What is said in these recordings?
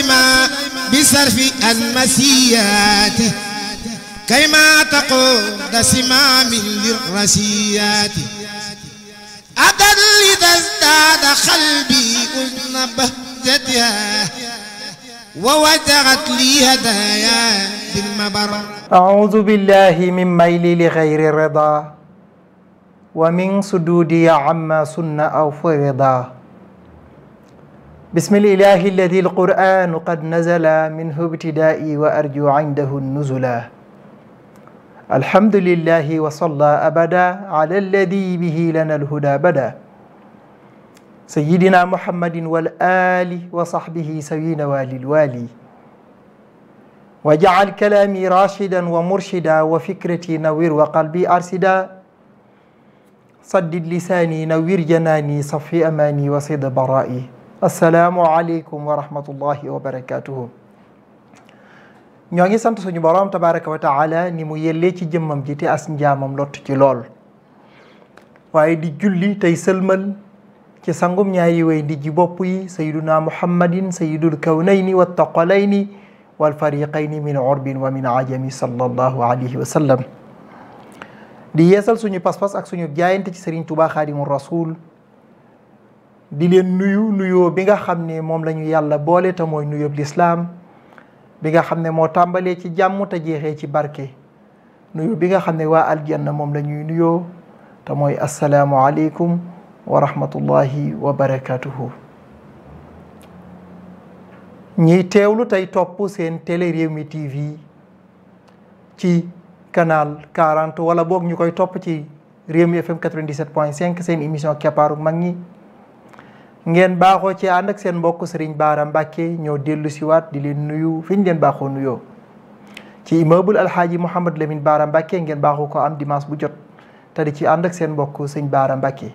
سليما بصرف المسيات كيما تقود سمام للرسيات أبدا إذا ازداد قلبي أذن بهجتها ووجهت لي هدايا بالمبر أعوذ بالله من ميل لغير رضا ومن صدودي عما سن أو فرضا بسم الإله الذي القرآن قد نزل منه ابتدائي وأرجو عنده النزلا الحمد لله وصلى أبدا على الذي به لنا الهدى بدا سيدنا محمد والآل وصحبه سوين والي الوالي وجعل كلامي راشدا ومرشدا وفكرتي نوير وقلبي أرسدا صدد لساني نوير جناني صفي أماني وصد برائي asalaamualeykum wa rahmatullahi wa barakatuhu ñoo ngi sant suñu borom tabaraka wa ni mu yellee ci jëmmam ji te as njaamam lott ci lool waaye di julli tey sëlmal ci sangum ñaari way ndi ji bopp yi sayyiduna muhammadin sayyidul kawnayni wattaqalayni wal fariqayni min urbin wa min ajami sallallahu alayhi wa sallam di yeesal suñu pas ak suñu jaayante ci Serigne Touba Xaadimu Rasul di leen nuyu nuyoo bi nga xam ne moom la ñu yàlla boole te mooy nuyoob lislaam bi nga xam ne moo tàmbalee ci jàmm te jeexee ci barke nuyu bi nga xam ne waa aljanna moom la ñuy nuyoo te mooy asalaamualeykum wa rahmatullahi wa barakatuhu ñiy teewlu tey topp seen télé Rewmi TV ci canal 40 wala book ñu koy topp ci Rewmi FM 97.5 seen émission keppaaru mag ñi ngeen baaxoo ci ànd ak seen mbokk Serigne Bara Mbacke ñoo dellu siwaat di leen nuyu fi ñu leen baaxoo nuyoo ci immeuble alxaaji Mouhamed Lamine Bara Mbacke ngeen baaxoo ko am dimanche bu jot te di ci ànd ak seen mbokk sëñ Bara Mbacke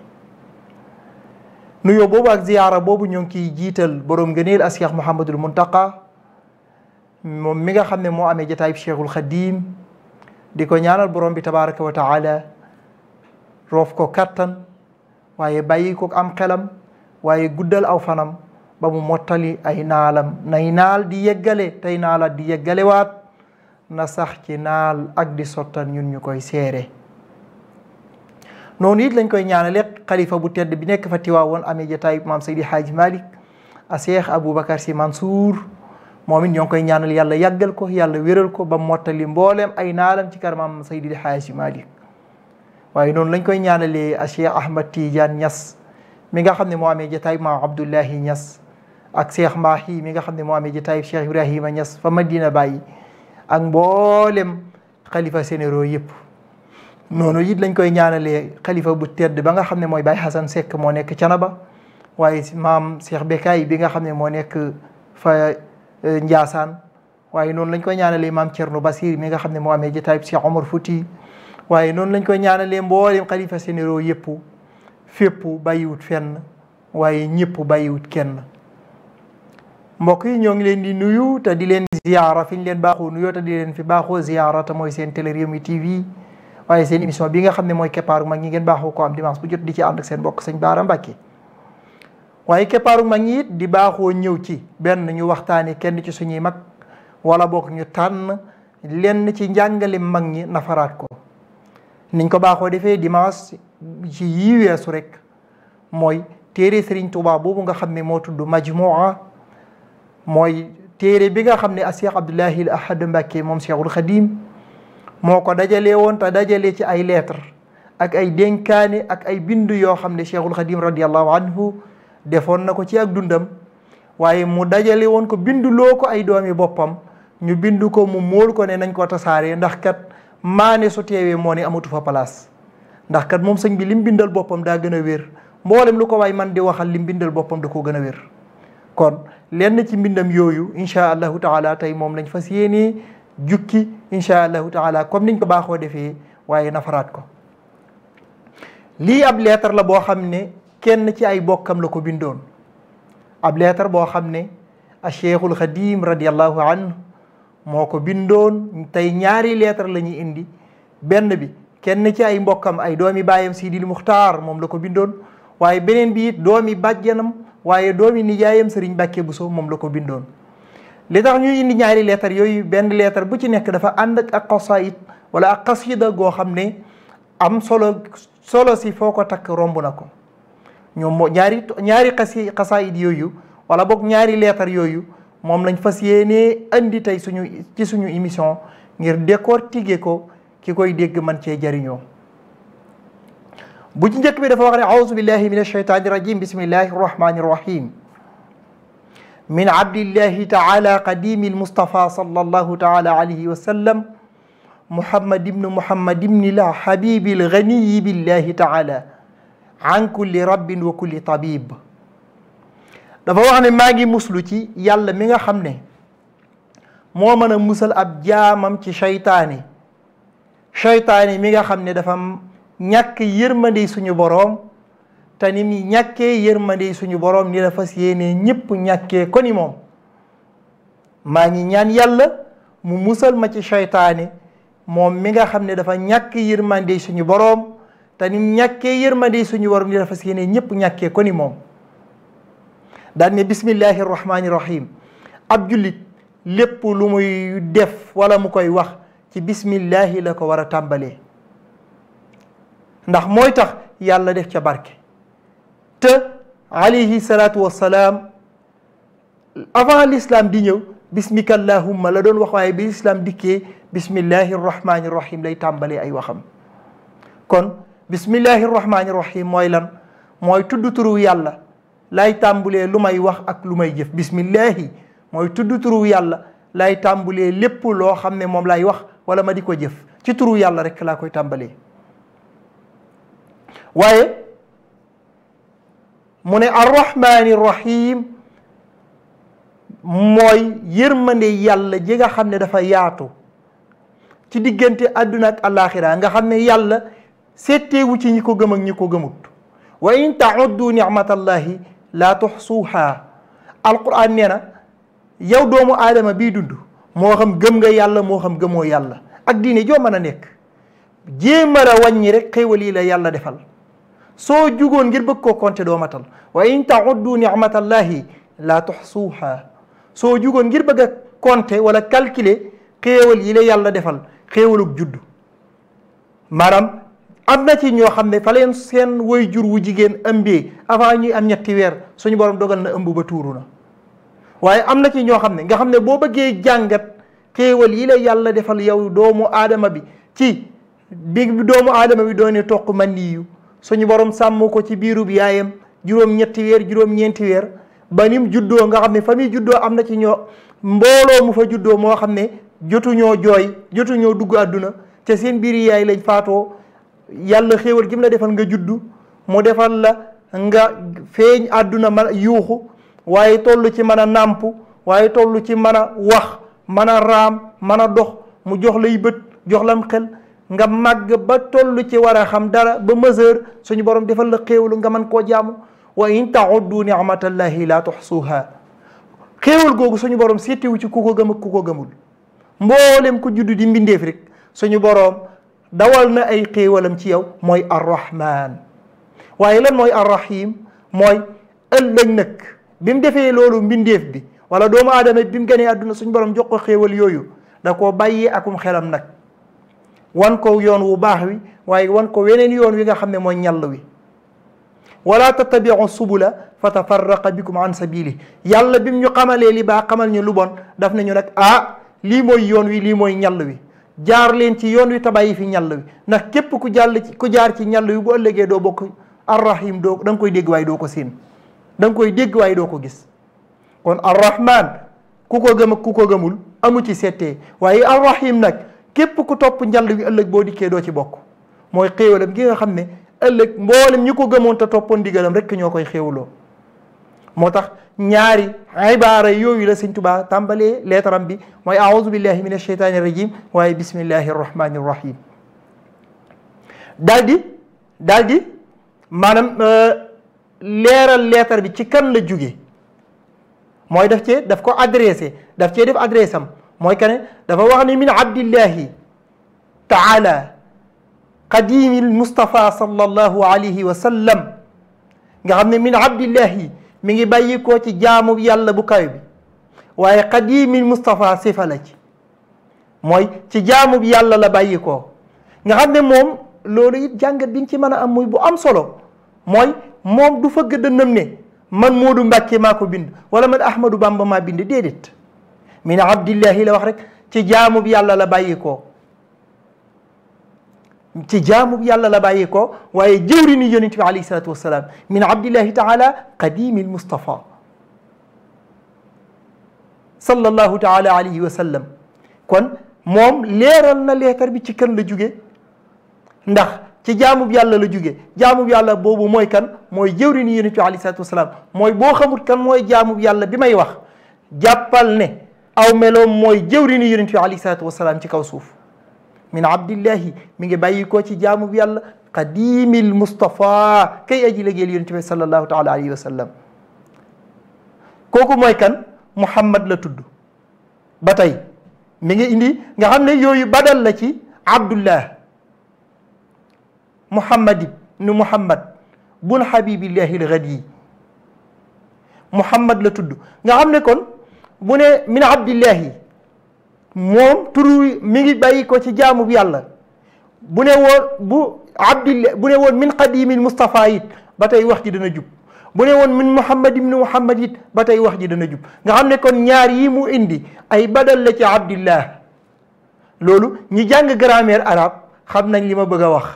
nuyoo boobu ak ziyaara boobu ñoo ngi ciy jiital borom ngëneel a Cheikh Mouhamadul Muntaqa moom mi nga xam ne moo amee jataayub Cheikhul Khadim di ko ñaanal borom bi tabaraka wa taala ko kattan waaye bàyyi ko am xelam waaye guddal aw fanam ba mu mottali ay naalam nay naal di yeggale tey naala di yeggalewaat na sax ci naal ak di sottan ñun ñu koy seere noonu it lañ koy ñaanale kalifa bu tedd bi nekk fa Tiwaawoon amee jataay maam Seydi Hadji Malick a Cheikh Aboubacar Sy Mansour moom it ñoo ngi koy ñaanal yàlla yàggal ko yàlla wéral ko ba mu mottali mbooleem ay naalam ci kër maam Seydi Hadji Malick waaye noonu lañ koy ñaanalee a Cheikh Ahmad Tidiane Niass mi nga xam ne moo amee jataay maam Abdullahi ñas ak Cheikh Mahi mi nga xam ne moo amee jataay Cheikh Ibrahima ñas fa Madina Baye ak mboolem xalifa sénéro yëpp noonu it lañ koy ñaanalee xalifa bu tedd ba nga xam ne mooy Baye Hassan Seck moo nekk Canaba waaye maam Cheikh Bekay bi nga xam ne moo nekk fa eh, Ndiassane waaye noonu lañ koy ñaanalee maam Thierno Basir mi nga xam ne moo amee jataay Cheikh Omar Fouti waaye noon lañ koy ñaanalee mboolem xalifa sénéro yëpp fépp bàyyiwut fenn waaye ñëpp bàyyiwut kenn mbokk yi ñoo ngi leen di nuyu te di leen ziyaara fi leen baaxoo nuyoo te di leen fi baaxoo ziyaara te mooy seen télé Rewmi TV waaye seen émission bi nga xam ne mooy keppaaru mag ñi ngeen baaxoo ko am dimanche bu jot di ci ànd seen mbokk sëñ Baara Mbàkke waaye keppaaru mag ñi it di baaxoo ñëw ci benn ñu waxtaane kenn ci suñuy mag wala bokk ñu tànn lenn ci njàngale mag ñi nafaraat ko niñ ko baaxoo defee dimanche ci yii weesu rek mooy téere Serigne Touba boobu nga xam ne moo tudd majmua mooy téere bi nga xam ne a Cheikh Abdoulahi Ahad Mbacké moom Cheikhul Khadim moo ko dajale woon te dajalee ci ay lettre ak ay dénkaane ak ay bind yoo xam ne Cheikhul Khadim radiallahu anhu defoon na ko ci ak dundam waaye mu dajale woon ko binduloo ko ay doomi boppam ñu bind ko mu móol ko ne nañ ko tasaaree ndax kat maane so teewee moo ne amatu fa place ndax kat moom sëñ bi lim bindal boppam daa gën a wér mboolem lu ko waay man di waxal lim bindal boppam da koo gën a wér kon lenn ci mbindam yooyu incha allahu taala tey moom lañ fas yéenee jukki incha allahu taala comme niñ ko baaxoo defee waaye nafaraat ko lii ab leetar la boo xam ne kenn ci ay bokkam la ko bindoon ab leetar boo xam ne a cheikhul xadim radiallahu anhu moo ko bindoon tey ñaari leetar lañuy indi benn bi kenn ci ay mbokkam ay doomi baayam Sidil Muxtaar moom la ko bindoon waaye beneen bi it doomi bàjjanam waaye doomi nijaayam Sëriñ bu Buso moom la ko bindoon li tax ñuy indi ñaari leetar yooyu benn lettre bu ci nekk dafa ànd ak ak xasaayid wala ak xasida goo xam ne am solo si foo ko takk romb na ko ñoom moo ñaari ñaari yooyu wala boog ñaari lettre yooyu moom lañ fas yéenee andi tey suñu ci suñu émission ngir décortiquer ko ki koy dégg man cee jariñoo bu ci njëkk bi dafa wax a auzu billahi min alshaytani irrajim bismillahi arrahmani irrahim min taala qadimi almustafa sallallahu taala alayhi wa sallam muhammad ibnu muhammad ibni la habibi alganiyi billahi taala an kulli rabbin wa kulli tabib dafa wax ne maa ngi muslu ci yàlla mi nga xam ne moo mën a musal ab jaamam ci seytaane seytaane mi nga xam ne dafa ñàkk yërmande suñu boroom te ni mu ñàkkee yërmande suñu boroom ni fas yéenee ñëpp ñàkkee ko moom maa ngi ñaan yàlla mu musal ma ci seytaane moom mi nga xam ne dafa ñàkk yërmande suñu boroom te ni mu ñàkkee yërmande suñu boroom ni la fas yenee ñëpp ñàkkee ko moom daan ne bismillahi rahmaani rahim ab jullit lépp lu muy def wala mu koy wax ci bismillahi la ko war a tàmbalee ndax mooy tax yàlla def ca barke te alayhi salaatu avant l'islam di ñëw bismika allahumma la doon wax waaye bi islam dikkee bismillahi rahmaani rahim lay tàmbalee ay waxam kon bismillahi rahmaani rahim mooy lan mooy tudd turu yàlla lay tàmbulee lu may wax ak lu may jëf bismillahi mooy tudd turu yàlla lay tàmbulee lépp loo xam ne moom lay wax wala ma di ko jef ci turu yàlla rek laa koy tàmbalee waaye mu ne arrahmani rahim mooy yërmande yàlla ji nga xam ne dafa yaatu ci diggante àdduna ak nga xam ne yàlla seetteewu ci ñi ko gëm ak ñi ko gëmut wa in tauddu nicmatallahi laa tuxsuuhaa alquran nee na yow doomu aadama bii dund moo xam gëm nga yàlla moo xam gëmoo yàlla ak diine joo mën a nekk jéemal a wàññi rek xéewal yi la yàlla defal soo jugoon ngir bëgg koo compter doo matal wa in tauddu nicmatallahi laa tuxsuuhaa soo jugoon ngir bëgg a compter wala calculer xéewal yi la yàlla defal xéewalug juddu maanaam am na ci ñoo xam ne fa leen seen way jur wu jigéen ëmbee avant ñuy am ñetti weer suñu borom dogal na ëmb ba tuuru na waaye am na ci ñoo xam ne nga xam ne boo bëggee jàngat xéewal yi la yàlla defal yow doomu aadama bi ci bi doomu aadama bi doone toq man yu suñu borom sàmm ko ci biirub yaayam juróom-ñetti weer juróom-ñeenti weer ba nim juddoo nga xam ne fa muy juddoo am na ci ñoo mbooloo mu fa juddoo moo xam ne jotuñoo jooy jotuñoo dugg àdduna te seen biir yaay lañ faatoo yàlla xéewal gi mu la defal nga juddu mu defal la nga feeñ àdduna man yuuxu waaye toll ci mën a nàmp waaye toll ci mën a wax mën a raam mën a dox mu jox lay bët jox lam xel nga màgg ba toll ci war a xam dara ba mesure suñu borom defal la xéewalu nga mën koo jaamu wa in tauddu nicmatallahi la tuxsuha xéewal googu suñu borom seetiwu ci ku ko gëm ak ku ko gëmul mboolem ko juddu di mbindeef rek suñu boroom dawal na ay xéewalam ci yow mooy arrahman waaye lan mooy arrahim mooy ëllëg nag bi defee loolu mbindeef bi wala doomu aadama bi mu gënee àdduna suñ borom jox ko xéewal yooyu da koo bàyyi akum xelam nag wan ko yoon wu baax wi waaye wan ko weneen yoon wi nga xam ne mooy ñàll wi wala tattabiu subula fa tafarraqa bikum an sabili yàlla bi mu ñu xamalee li baax xamal ñu lubon bon daf nañu nag ah lii mooy yoon wi lii mooy ñàll wi jaar leen ci yoon wi tabayi fi ñàll wi ndax képp ku jàll ci ku jaar ci ñàll wi bu ëllëgee doo bokk arrahim doo danga koy dégg waaye doo ko séen da nga koy dégg waaye doo ko gis kon arrahman ku ko gëm ak ku ko gëmul amu ci seete waaye arrahim nag képp ku topp njàll wi ëllëg boo dikkee doo ci bokk mooy xéewalam gi nga xam ne ëllëg mboolem ñu ko gëmoon te toppoon ndigalam rekk ñoo koy xéewaloo moo tax ñaari ibaara yooyu la sëñ Tuubaa tàmbalee leetaram bi mooy aoudu billahi min alsheytaani rajim waaye bismillahi arrahmani arrahim daal di daldi di maanaam euh, leeral leetar bi ci kan la jóge mooy daf cee daf ko adressé daf cee def adresse am mooy kane dafa wax ne min abdillahi taala qadimi almustafa sallallahu alayhi wa sallam nga xam ne min abdillahi mi ngi bàyyikoo ci jaamu yàlla bu kaw bi waaye xadiimil Moustapha sifa la ci mooy ci jaamu yàlla la bàyyikoo nga xam ne moom loolu it jàngat bi ñu ci mën a am muy bu am solo mooy moom du fëgg dënnam ne man Moodu Mbàkke maa ko bind wala man Ahmadou Bamba maa bind déedéet min abdillahi la wax rek ci jaamu yàlla la bàyyikoo ci jaamu yàlla la bàyyi ko waaye jëwriñu yonent bi alayhi salaatu wassalaam min abdillahi taala qadimi almustafa sallallahu taala alayhi wa sallam kon moom leeral na leetar bi ci kan la jóge ndax ci jaamub yàlla la jóge jaamub yàlla boobu mooy kan mooy jëwriñu yonent bi alayhi salaatu mooy boo xamul kan mooy jaamub yàlla bi may wax jàppal ne aw meloom mooy jëwriñu yonent bi alayhi salaatu wassalaam ci kaw suuf min abdillahi mi ngi bàyyi ko ci jaamu bi yàlla qadimil Mustafa kay aji liggéeyal yonent bi sallallahu taala alayhi wa sallam kooku mooy kan Muhammad la tudd ba tey mi ngi indi nga xam ne yooyu badal la ci Abdullah Muhammad ibnu Muhammad bun Habibillahi al-Ghadi Muhammad la tudd nga xam ne kon bu ne min Abdillahi moom turu mi ngi bàyyi ko ci jaamu bi yàlla bu ne woon bu abdillah bu ne woon min qadimil Mustafa it ba tey wax ji dana jub bu ne woon min Muhammad ibn Muhammad it ba tey wax ji dana jub nga xam ne kon ñaar yi mu indi ay badal la ci abdillah loolu ñi jàng grammaire arabe xam nañ li ma bëgg a wax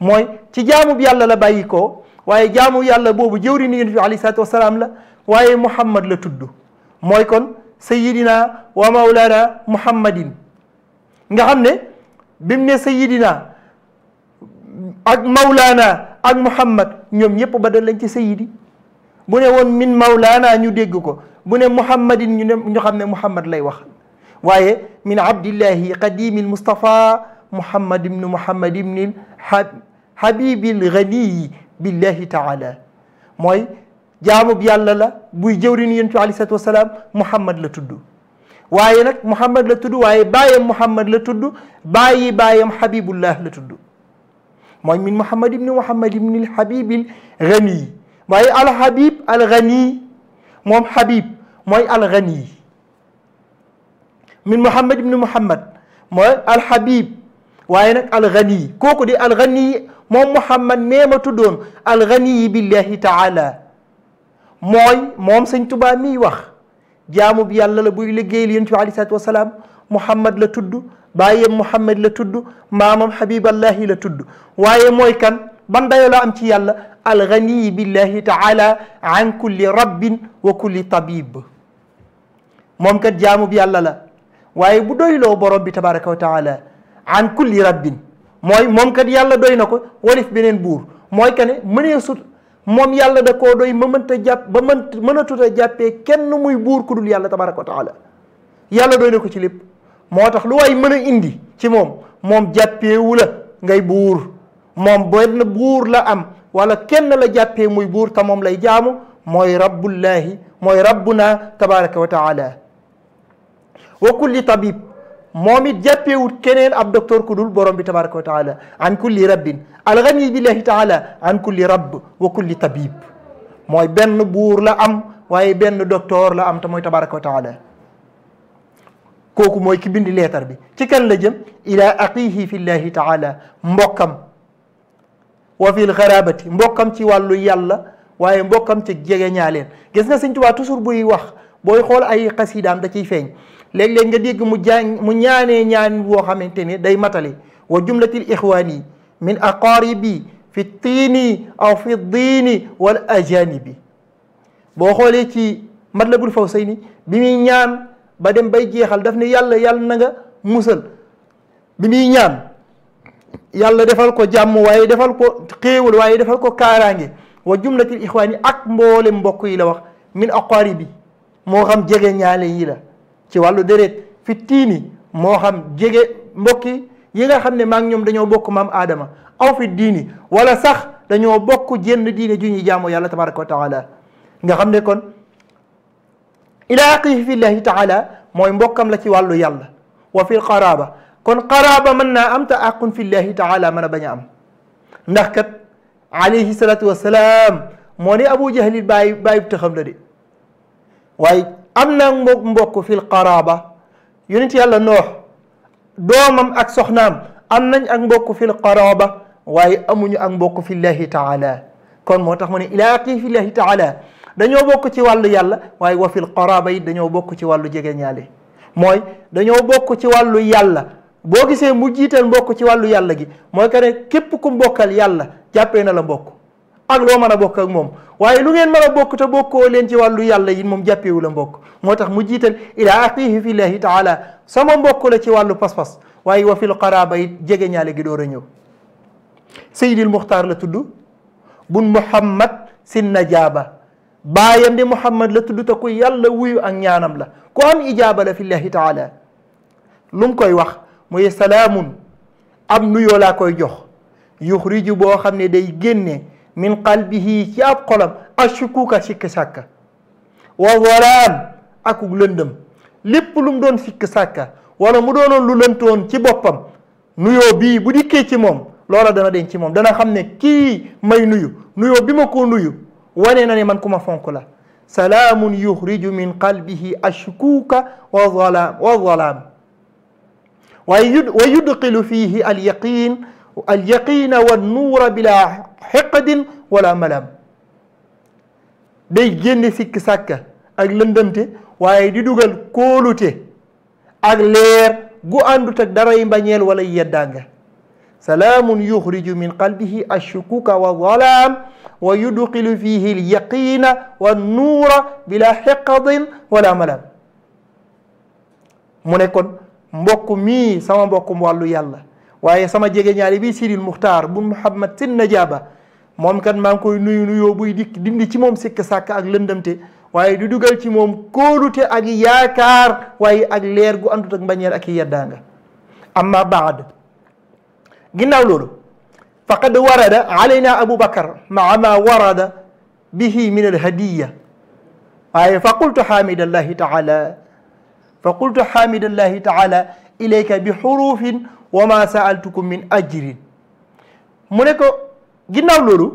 mooy ci jaamu bi yàlla la bàyyi ko waaye jaamu yàlla boobu jëwri ni yonent bi alayhi salaatu wasalaam la waaye Muhammad la tudd mooy kon sayidina wa maulana muhammadin nga xam ne bi mu ne sayidina ak maulana ak muhammad ñoom ñëpp ba dal lañ ci sayidi bu ne woon min maulana ñu dégg ko bu ne muhammadin ñu ne xam ne muhammad lay wax waaye min abdillahi qadimi almustafa muhammad ibnu muhammad ibni habibil ghaniyi billahi taala jaamub yàlla la buy jëwriñ yonent bi alayhi salaatu wasalaam Muhammad la tudd waaye nag Muhammad la tudd waaye baayam Muhammad la tudd baayi baayam Habibullah la tudd mooy min Muhammad ibni Muhammad ibni al-Habib al-Ghani waaye al-Habib al-Ghani moom Habib mooy al-Ghani min Muhammad ibni Muhammad mooy al-Habib waaye nag al-Ghani kooku di al-Ghani moom Muhammad nee ma tuddoon al-Ghani billahi taala mooy moom sëñ tubaa miy wax jaamu bi yàlla la buy liggéeyal yonent bi aleyhi salaatu wasalaam muhammad la tudd baayam muhammad la tudd maamam habiballahi la tudd waaye mooy kan ban dayoo la am ci yàlla alganiyi billahi taala an kulli rabbin wa kulli tabib moom kat jaamu bi yàlla la waaye bu doyloo borom bi tabaraka wa taala an kulli rabbin mooy moom kat yàlla doy na ko walif beneen buur mooy que ne mënee sut moom yàlla da koo doy ma mënta jàpp ba mën mënatut a kenn muy buur ku dul yàlla tabaraka wa taala yàlla doy na ko ci lépp moo tax lu waay mën a indi ci moom moom jàppeewu la ngay buur moom benn buur la am wala kenn la jàppee muy buur te moom lay jaamu mooy rabbullahi mooy rabbuna tabaraka wa taala wa kulli tabib moom it jàppeewut keneen ab docteur ku dul borom bi tabaraka wa taala an kulli rabbin alxani billahi taala an kulli rabb wa kulli tabib mooy benn buur la am waaye benn docteur la am te mooy tabaraka wa kooku mooy ki bindi leetar bi ci kan la jëm ila aqihi fi llahi taala mbokkam wa fi lxarabati mbokkam ci wàllu yàlla waaye mbokkam ci jege ñaaleen gis nga sëñ Tuubaa toujours buy wax booy xool ay xasidaam da ciy feeñ léeg-léeg nga dégg mu jaa mu ñaanee ñaan woo xamante ni day matale wa jumlatil ixwaani min aqaaribi fi tiini aw fi diini wal ajanibi boo xoolee ci bul matlabul ni bi muy ñaan ba dem bay jeexal daf ne yàlla yàlla na nga musal bi muy ñaan yàlla defal ko jàmm waaye defal ko xéewal waaye defal ko kaaraange wa jumlatil ixwaani ak mboole mbokk yi la wax min aqaaribi moo xam jege ñaale yi la ci wàllu déret fi tiini moo xam jege mbokki yi nga xam ne maa ngi ñoom dañoo bokk maam aadama aw fi diini wala sax dañoo bokk jenn diine ju ñuy jaamu yàlla tabaraka wa nga xam ne kon ilaa aqihi fillahi taala mooy mbokkam la ci wàllu yàlla wa fi qaraba kon qaraba mën naa am te aqun fillahi taala mën a bañ a am ndax kat alayhi salatu wasalaam moo ni abu jahlil bàyyi bàyyi taxam la de waaye am naa mbokk mbokk fil qaraba yonent yàlla noox doomam ak soxnaam am nañ ak mbokk fil qaraba waaye amuñu ak mbokk fillahi taala kon moo tax mu ne ilaa kii fillahi taala dañoo bokk ci wàllu yàlla waaye wa fil qaraba yi dañoo bokk ci wàllu jege ñaale mooy dañoo bokk ci wàllu yàlla boo gisee mu jiital mbokk ci wàllu yàlla gi mooy que ne képp ku bokkal yàlla jàppee na la mbokk ak loo a bokk ak moom waaye lu ngeen mën a bokk te bokkoo leen ci wàllu yàlla yi moom jàppewu la moo tax mu jiital ila axihi fi llahi taala sama mbokk la ci wàllu pas-pas waaye wa fil qaraba it jege ñaale gi door a ñëw Seydil la tudd bun Muhammad sin najaaba baayam di Muhammad la tudd ta ku yàlla wuyu ak ñaanam la ku am ijaaba la fi llahi taala lu koy wax mooy salaamun am nuyoo laa koy jox yuxriju boo xam ne day génne min qalbihi ci ab xolam ashukuka sikk sàkka wa lëndëm lépp lu mu doon sikk sàkka wala mu doonoon lu lëntoon ci boppam nuyoo bii bu dikkee ci moom loola dana denc ci moom dana xam ne kii may nuyu nuyo bi ma ko nuyu wane na man ku ma fonk la salaamun yuxriju min qalbihi ashkuuka wa zalaam wa zalaam wa yudxilu fiihi al yaqin al yaqina wa nuura bila xeqadin wala malam day génne sikki sàkka ak lëndëmte waaye di dugal kóolute ak leer gu àndut ak daray mbañeel wala yeddaanga salaamun yuxriju min qalbihi ashukuka wa dalaam wa yudxilu fihi lyaqina wa nuura bila xeqadin wala malam mu ne kon mbokk mii sama mbokkum wàllu yàlla waaye sama jege ñaari bi Sidil Muxtaar bu Muhammad Sin Najaaba moom kat maa ngi koy nuyu nuyoo buy dikk dindi ci moom sikk sàkk ak lëndamte waaye du dugal ci moom kóolute ak yaakaar waaye ak leer gu àndut ak mbañeer ak yeddaanga amma baad ginnaaw loolu faqad warada alayna abu bakar maa ma warada bihi fa qultu xaamidallahi taala taala ilayka bi xurufin wa saaltukum min ajrin ginnaaw loolu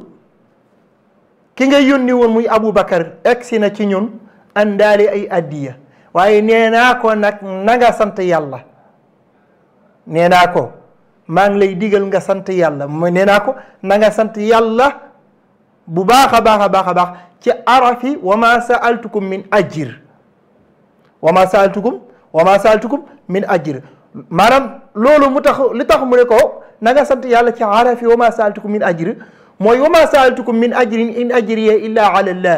ki nga yónni woon muy Aboubacar egsi na ci ñun àndaale ay addiya waaye nee naa ko nag na nga sant yàlla nee naa ko maa ngi lay digal nga sant yàlla mooy nee naa ko na nga sant yàlla bu baax a baax a baax a baax ci arafi wa ma saaltukum min ajir wa ma saaltukum wa ma saaltukum min ajir maanaam loolu li tax mu ne ko na nga sant yàlla ci aarafi wa ma saaltukum min ajr mooy wa ma saaltukum min ajrin in ajriya illa ala allah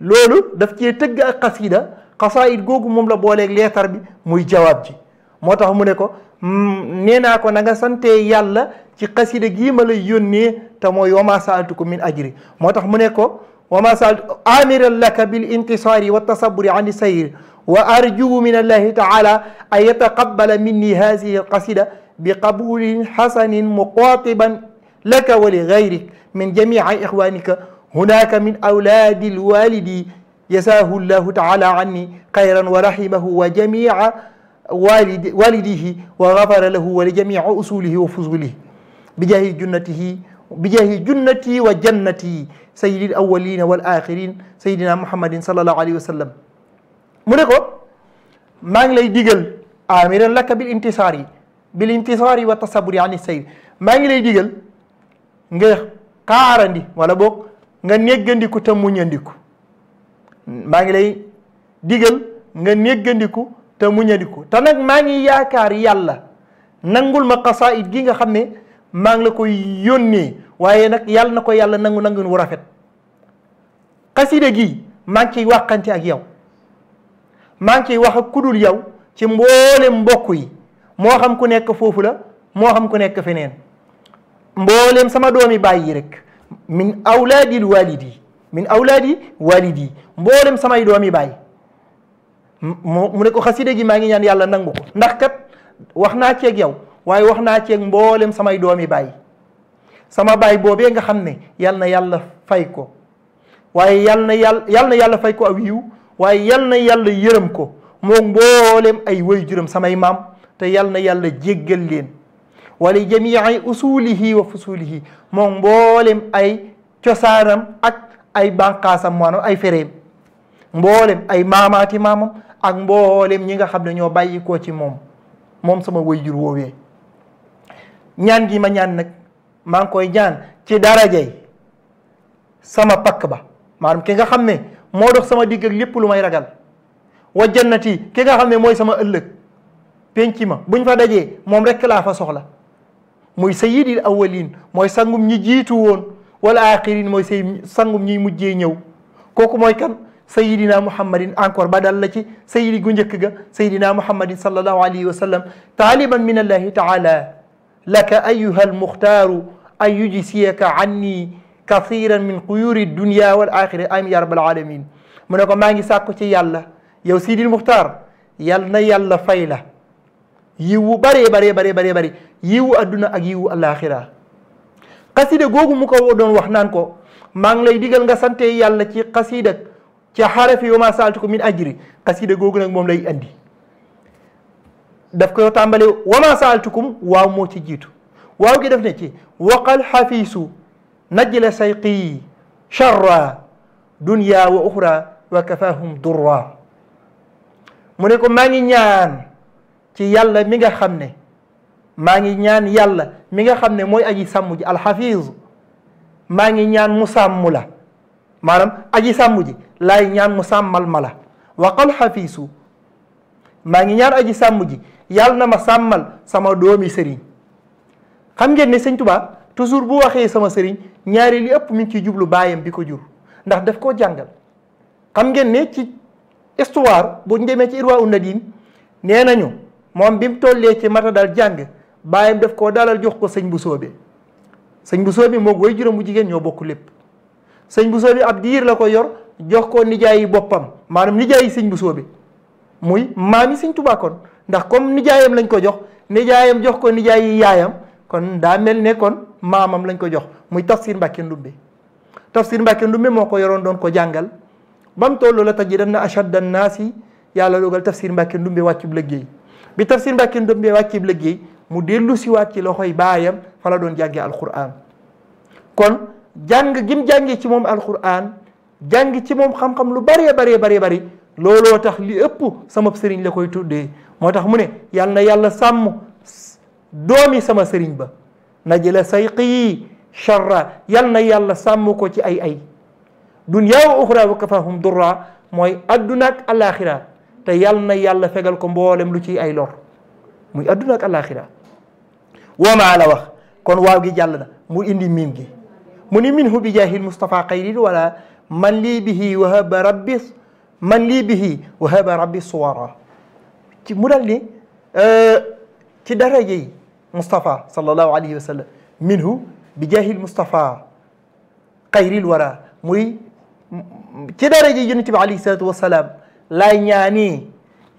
loolu daf cee tëgg ak xasida xasaayid googu moom la booleeg leetar bi muy jawaab ji moo tax mu ne ko mm, nee naa ko na nga sante yàlla ci xasida gii ma lay yónnee te mooy wa ma saaltukum min ajri moo tax mu ne ko wa ma saaltu amiran laka bil intisaari wa tasaburi an sayri wa arjuu min allahi taala an yataqabbala minni haadihi alqasida بقبول حسن مقاطبا لك ولغيرك من جميع إخوانك هناك من أولاد الوالد جزاه الله تعالى عني خيرا ورحمه وجميع والد والده وغفر له ولجميع أصوله وفصوله بجاه جنته بجاه جنتي وجنتي سيد الأولين والآخرين سيدنا محمد صلى الله عليه وسلم mu ne ko maa ngi lay digal amiran laka bil intisaar yi bil intisaari wa tasaburi ani sayf maa ngi lay digal nga xaarandi wala boog nga néggandiku ta muñandiku maa ngi lay digal nga néggandiku te muñandiku ta nag maa ngi yaakaar yàlla nangul ma xasaayid gi nga xam ne maa ngi la koy yónnee waaye nag yàlla na ko yàlla nangu nangun wu rafet xasida gi maa ngi ciy waxante ak yow maa ngi ciy wax ak kudul yow ci mboolem mbokk yi moo xam ku nekk foofu la moo xam ku nekk feneen mbooleem sama doomi baay yi rek min awlaadil walidi min awlaadi walidi mboolem samay doomi baay mu ne ko xasida gi maa ngi ñaan yàlla nangu ko ndax kat wax naa ceeg yow waaye wax naa ceeg mboolem samay doomi baay sama baay boobee nga xam ne yal na yàlla fay ko waaye yal na yàlla yal na yàlla fay ko aw yiw waaye yal na yàlla yërëm ko moom mboolem ay way juram samay maam te yal na yàlla jéggal leen wali jamii usulihi wa fusulihi moom mboolem ay cosaanam ak ay bànqaasam maanaam ay fereem mboolem ay maamaati maamam ak mboolem ñi nga xam ne ñoo bàyyi ko ci moom moom sama wayjur woowee ñaan gi ma ñaan nag maa ngi koy ñaan ci darajay sama pakk ba maanaam ki nga xam ne moo dox sama digg ak lépp lu may ragal wa jannati ki nga xam mooy sama ëllëg penc ma buñ fa dajee moom rek laa fa soxla muy sayyidil awwalin mooy sangum ñi jiitu woon wala axirin mooy say sangum ñi mujjee ñëw kooku mooy kan sayyidina muhammadin encore ba dal la ci sayyidi gu njëkk ga sayyidina muhammadin sallallahu alayhi wa sallam taaliban min allahi taala laka ayuha almuxtaaru an yujsiyaka anni kathiran min quyuri dunia wal axira amin ya rabbal alamin mu ne ko maa ci yàlla yow siydil muxtaar yal na yàlla fay la yiwu bare bare bare bare bare yiwu adduna ak yiwu alaxira xasida googu mu ko doon wax naan ko maa ngi lay digal nga sante yàlla ci xasida ca xarafi wa ma saaltukum min ajri xasida googu nag moom lay andi daf ko tàmbale wa ma saaltukum waaw moo ci jiitu waaw gi def ne ci waqal xafiisu najla sayqi charra dunya wa uxra wa kafaahum durra mu ne ko maa ngi ñaan ci yàlla mi nga xam ne maa ngi ñaan yàlla mi nga xam ne mooy aji sàmm ji alxafiz maa ngi ñaan mu sàmm la maanaam aji sàmm ji laay ñaan mu sàmmal ma la waqal maa ngi ñaan aji sàmm ji yàlla na ma sàmmal sama doomi sëriñ xam ngeen ne sëñ Tuubaa toujours bu waxee sama sëriñ ñaari li ëpp mi ngi jublu baayam bi ko jur ndax def koo jàngal xam ngeen ne ci histoire bu ñu ci Irwa un Nadim nee nañu moom bi mu tollee ci mata dal jàng bàyyam def koo dalal jox ko sëñ bu soobe sëñ bu soobe moog way juróom bu jigéen ñoo bokk lépp sëñ bu soobe ab diir la ko yor jox ko nijaayi boppam maanaam nijaayi sëñ bu soobe muy maami sëñ Tuubaa ndax comme nijaayam lañ ko jox nijaayam jox ko nijaayi yaayam kon daa mel ne kon maamam lañ ko jox muy tafsir Mbàkke Ndumbe tafsir Mbàkke Ndumbe moo ko yoroon doon ko jàngal bam tollu la tajidanna ashadda annaasi yàlla dogal tafsir Mbàkke Ndumbe wàccub liggéey bi Tafsir Mbàkke Ndombe la liggéey mu dellu siwaat ci loxoy baayam fa la doon jàngee alquran kon jàng gim jàngee ci moom alquran jàng ci moom xam-xam lu baree baree baree bari looloo tax li ëpp sama sëriñ la koy tuddee moo tax mu ne yal na yàlla sàmm doomi sama sëriñ ba na say sayqii charra yal na yàlla sàmm ko ci ay ay dunya wa uxra wa kafahum durra mooy adduna ak alaxira te yal na yàlla fegal ko mboolem lu ciy ay lor muy adduna ak alaaxira woomaa la wax kon waaw gi jàll na mu indi miim gi mu ni minhu bi jaahil Mustafa xayrin wala man lii bihi wahaba rabbi man lii ci mu dal ni euh, ci daraje yi Mustafa sallallahu alayhi wa muy ci daraje yi yonent bi alayhi salaatu laay ñaani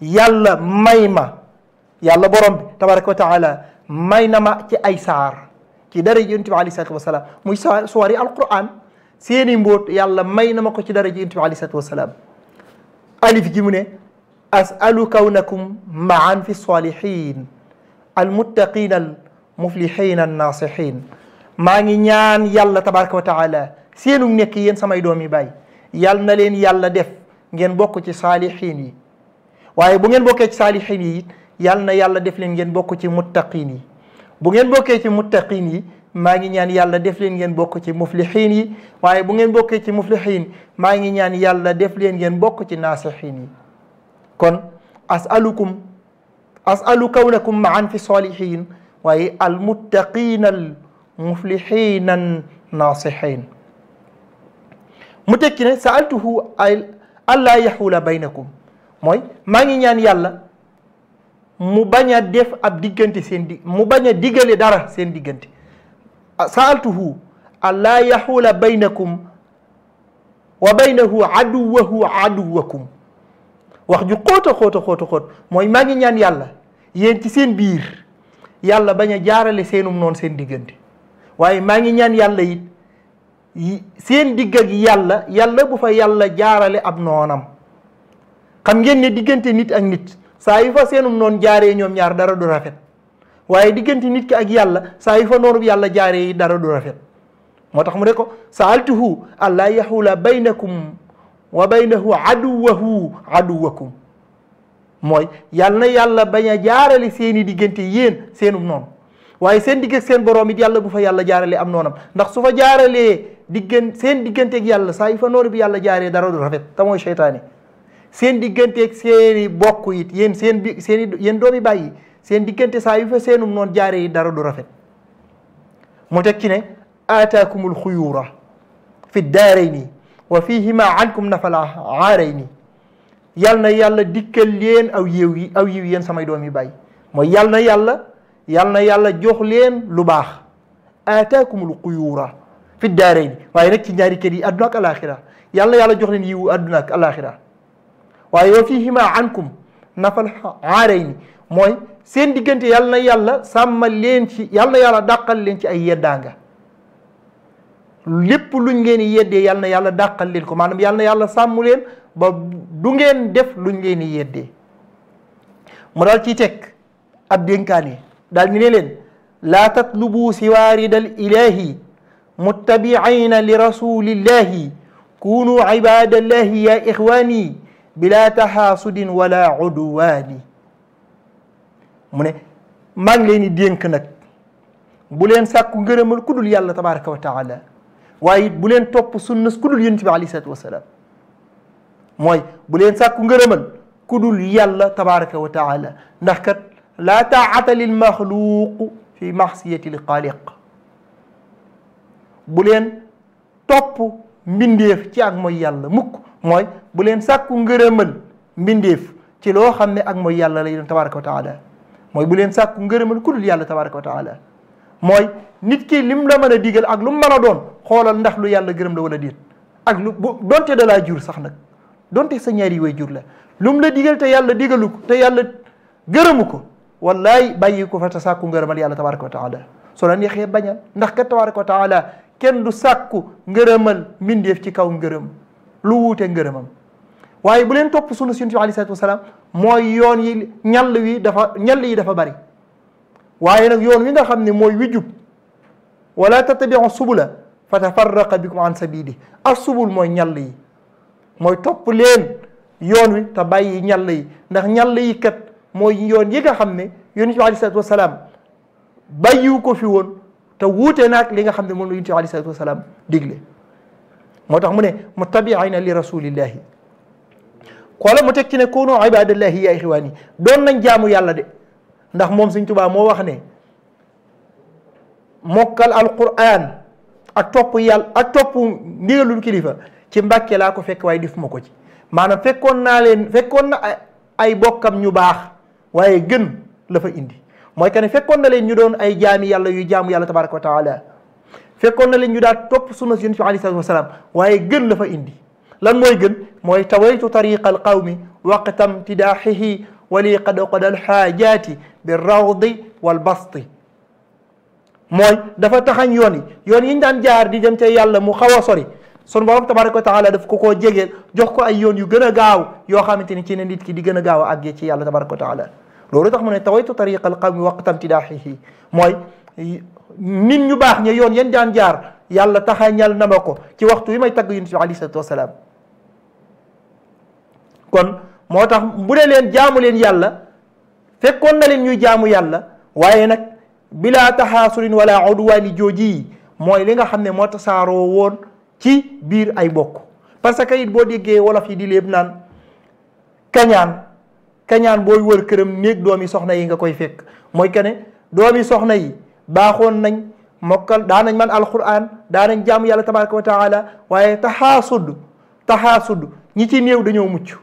yàlla may ma yàlla borom bi tabaraka wa taala may na ma ci ay saar ci daraja yonent bi alayhi salaatu muy sa suwari alquran seeni mbóot yàlla may na ma ko ci daraja yonent bi alayhi salaatu wasalaam alif gi mu ne asalu kawnakum maan fi salihin almuttaqin almuflihin annasihin maa ngi ñaan yàlla tabaraka wa taala seenum nekk yéen samay doomi bay yàlla na leen yàlla def ngeen bokk ci saalixiin yi waaye bu ngeen bokkee ci saalixiin yi it yàlla na yàlla def leen ngeen bokk ci muttaqiin yi bu ngeen bokkee ci muttaqiin yi maa ngi ñaan yàlla def leen ngeen bokk ci muflixiin yi waaye bu ngeen bokkee ci muflixiin maa ngi ñaan yàlla def leen ngeen bokk ci naasixiin yi kon asalukum asalu kawnakum maan fi saalixiin waaye al muttaqiin al muflixiin an naasixiin mu tekki ne saaltuhu al allah yaxuula baynakum mooy maa ngi ñaan yàlla mu bañ def ab diggante seen di mu bañ a diggale dara seen diggante saaltuhu allah yaxuula baynakum wa baynahu aduwahu aduwakum wax ju xóot a xóot a mooy maa ngi ñaan yàlla yéen ci seen biir yàlla bañ a jaarale seenum noonu seen diggante waaye maa ngi ñaan yàlla it seen digg ak yàlla yàlla bu fa yàlla jaarale ab noonam xam ngeen ne diggante nit ak nit saa yu fa seenum noon jaaree ñoom ñaar dara du rafet waaye diggante nit ki ak yàlla saa yu fa noonub yàlla jaaree yi dara du rafet moo tax mu ne ko saaltuhu allaa yaxula baynakum wa baynahu aduwahu aduwakum mooy yàlla na yàlla bañ a jaarale seeni diggante yéen seenum noon waaye seen digg seen borom it yàlla bu fa yàlla jaaralee am noonam ndax su fa jaaralee diggan seen digganteeg yàlla saa yi fa noonu bi yàlla jaaree dara du rafet te mooy seen digganteeg seeni bokk it yéen seen bi seen i doomi bàyyi seen diggante saa yu fa seenum noon jaaree dara du rafet mu teg ci ne aataakumul xuyuura fi daarayni wa fiihima ankum nafala aarayni yàlla na yàlla dikkal leen aw yiw yi aw yiw yéen samay doom yi bàyyi mooy yàlla yal na yàlla jox leen lu baax aataakumul quyuura fi daareyn waaye nag ci ñaari kër yi adduna ak alaxira yal na yàlla jox leen yiwu adduna ak alaxira waaye wa fiihima ankum nafal aarayni mooy seen diggante yal na yàlla sàmmal leen ci yal na yàlla dàqal leen ci ay yeddaanga lépp luñ ngeen di yeddee yal na yàlla dàqal leen ko maanam yal na yàlla sàmm leen ba du ngeen def lu ngeen di yeddee mu daal ci teg ab dénkaane daal ni ne leen laa tatlubu siwaaridal ilahi muttabiina li rasulillahi kunu ibadallahi ya ixwaani bila taxaasudin wala udwaani mu ne maa ngi leen di dénk nag bu leen sàkku ngërëmal ku dul yàlla tabaraka wa taala waaye it bu leen topp sunnas ku dul yonent bi alayhi salaatu wasalaam mooy bu leen sàkku ngërëmal ku dul yàlla tabaraka wa taala ndax kat laa taata lil maxluuq fi maxsiyati li xaaliq bu leen topp mbindeef ci ak mooy yàlla mukk mooy bu leen sàkku ngërëmal mbindeef ci loo xam ne ak mooy yàlla lay doon tabaraka wa mooy bu leen sàkku ngërëmal ku yàlla tabaraka wa taala mooy nit ki mu la mën a digal ak lu mu mën a doon xoolal ndax lu yàlla gërëm la wala déet ak lu bu donte da laa jur sax nag donte sa ñaari way jur la lu mu la digal te yàlla digalu ko te yàlla gërëmu ko wallaay bàyyi ko fa te sàkku ngërëmal yàlla tabaraka wa taala soo la neexee bañal ndax kat tabaraka wa taala kenn du sàkku ngërëmal mbindeef ci kaw ngërëm lu wuute ngërëmam waaye bu leen topp sunna si yonent bi alayhi salaatu wasalaam mooy yoon yi ñall wi dafa ñall yi dafa bari waaye nag yoon wi nga xam ne mooy wi jub wala tattabiu subula fa tafarraqa bikum an sabili as subul mooy ñall yi mooy topp leen yoon wi te bàyyi ñall yi ndax ñall yi kat mooy yoon yi nga xam ne yonent bi aleyhi salaatu wasalaam bàyyiwu ko fi woon te wuute naag li nga xam ne moom la yonent bi aleyhi salaatu wasalaam digle moo tax mu ne muttabiina li rasulillahi xoola mu teg ci ne kunu ibadallahi ya ixwaan yi doon nañ jaamu yàlla de ndax moom Sëñ Tuubaa moo wax ne mokkal alquran ak topp yàlla ak topp ndigalul kilifa ci mbàkke laa ko fekk waaye def ma ko ci maanaam fekkoon naa leen fekkoon na ay bokkam ñu baax waaye gën la indi mooy que ne fekkoon na leen ñu doon ay jaami yàlla yu jaamu yàlla tabaraka wa taala fekkoon na leen ñu daal topp sunna yonent bi aleyhi salaatu wasalaam waaye gën la indi lan mooy gën mooy tawaytu tariqa al qawmi waqtam tidaaxihi wali qad qada al xaajaati bi rawdi wal basti mooy dafa taxañ yoon yi yoon yi ñu daan jaar di dem ca yàlla mu xaw a sori sun borom tabaraka wa taala daf ko koo jegeel jox ko ay yoon yu gën a gaaw yoo xamante ni ci ne nit ki di gën a gaaw a àggee ci yàlla tabaraka wa taala loolu tax mu ne tawaytu tariqa al qawmi waqta imtidaaxihi mooy nit ñu baax ña yoon yan daan jaar yàlla taxañal na ma ko ci waxtu wi may tagg yonent bi alayhi salaatu wasalaam kon moo tax bu dee leen jaamu leen yàlla fekkoon na leen ñuy jaamu yàlla waaye nag bilaa taxaasurin wala udwaani jooji mooy li nga xam ne moo tasaaroo woon ci biir ay bokk parce que it boo diggee wolof yi di léeb naan kañaan kañaan booy wër këram néeg yi soxna yi nga koy fekk mooy que ne yi soxna yi baaxoon nañ mokkal daa nañ man alquran daa nañ jaamu yàlla tabaraka wa taala waaye taxaa taxaasud ñi ci néew dañoo mucc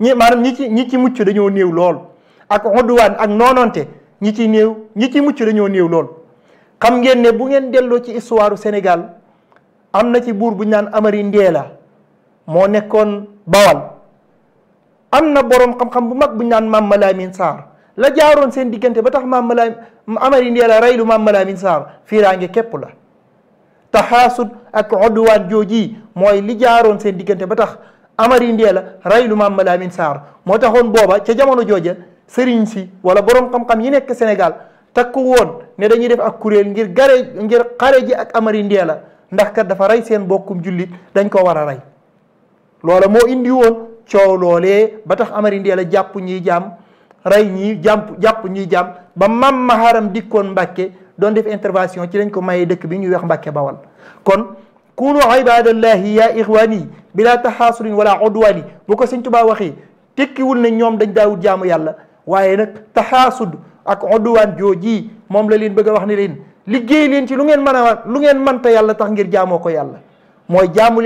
ñi maanaam ñi ci ñi ci mucc dañoo néew lool ak odduwaan ak noononte ñi ci néew ñi ci mucc dañoo néew lool xam ngeen ne bu ngeen delloo ci histoire senegal am na ci buur bu ñu naan Amari Ndeela moo nekkoon Bawal am na borom xam-xam bu mag bu ñu naan maam Malamine saar la jaaroon seen diggante ba tax maam Malamine Amari Ndeela raylu maam Malamine Sarr fiiraange képp la taxaasud ak odduwaan jooji mooy li jaaroon seen diggante ba tax Amari Ndeela raylu maam Malamine Sarr moo taxoon booba ca jamono jooja sëriñ si wala boroom xam-xam yi nekk Sénégal takku woon ne dañuy def ak kuréel ngir gare ngir xare ji ak Amari Ndeela ndax kat dafa ray seen bokkum jullit dañ ko war a rey loola moo indi coow loolee ba tax amari ndeel a jàpp ñuy jàmm rey ñii jàpp jàpp ñuy jàmm ba mam maharam dikkoon mbàkke doon def intervention ci lañ ko mayee dëkk bi ñuy wax mbàkke bawal kon kunu ibadallahi ya ixwaani bila taxaasulin wala udwaani bu ko sëñ tubaa waxee tekkiwul ne ñoom dañ daawut jàmm yàlla waaye nag taxaasud ak udwaan jooji moom la leen bëgg a wax ni leen liggéey leen ci lu ngeen mën lu ngeen mënta yàlla tax ngir jaamoo ko yàlla mooy jaamu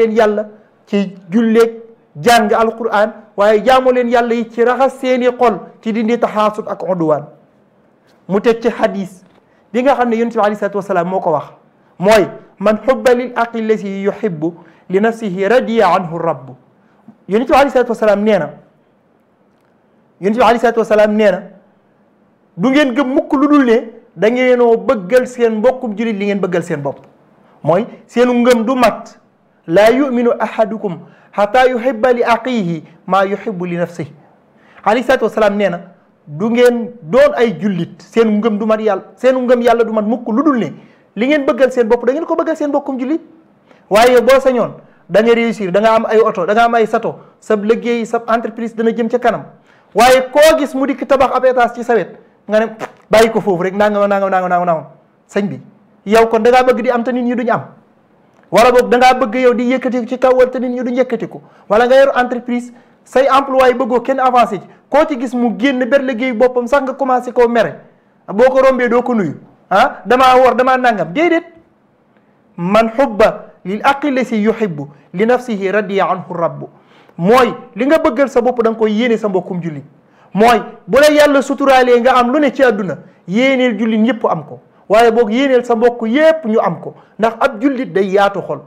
jàng alquran waaye jaamu leen yàlla yi ci raxas seeni xol ci dindi taxaasut ak oduwaan mu teg ci hadis bi nga xam ne yonent bi aleyhi salaatu wasalaam moo ko wax mooy man xubba lil aqi lazi yuhibbu li nafsihi radiya anhu rabbu yonent bi aleyhi salaatu wasalaam nee na yonent bi aleyhi salaatu nee na du ngeen gëm mukk lu dul ne da ngeenoo bëggal seen mbokkum jullit li ngeen bëggal seen bopp mooy seenu ngëm du mat laa yuminu ahadukum xataa yuhibba li aqihi maa yuhibbu li nafsihi alayhi salaatu wasalaam nee na du ngeen doon ay jullit seen ngëm du mat yàlla seen ngëm yàlla du mat mukk lu dul ne li ngeen bëggal seen bopp da ngeen ko bëggal seen bokkum jullit waaye boo sañoon da nga réussir da nga am ay oto da nga am ay sato sa liggéey sa entreprise dana jëm ca kanam waaye koo gis mu dikk tabax ab étage ci sawet nga ne bàyyi ko foofu rek nangam nangam nangam nangam sëñ bi yow kon da bëgg di am nit ñi duñ am wala boog da bëgg yow di yëkkati ci kaw te nit ñi duñ yëkkatiku wala nga yor entreprise say employé yi bëggoo kenn avancé ci koo ci gis mu génn ber liggéey boppam sax nga commencé koo mere boo ko rombee doo ko nuyu ah damaa war damaa nangam déedéet man xubba lil aqilla si yuhibbu li nafsihi radiya anhu rabbu mooy li nga bëggal sa bopp da nga koy yéene sa mbokkum jullit mooy boo la yàlla suturaalee nga am lu ne ci àdduna yéeneel jullit ñëpp am ko waaye boog yéeneel sa mbokk yépp ñu am ko ndax ab jullit day yaatu xol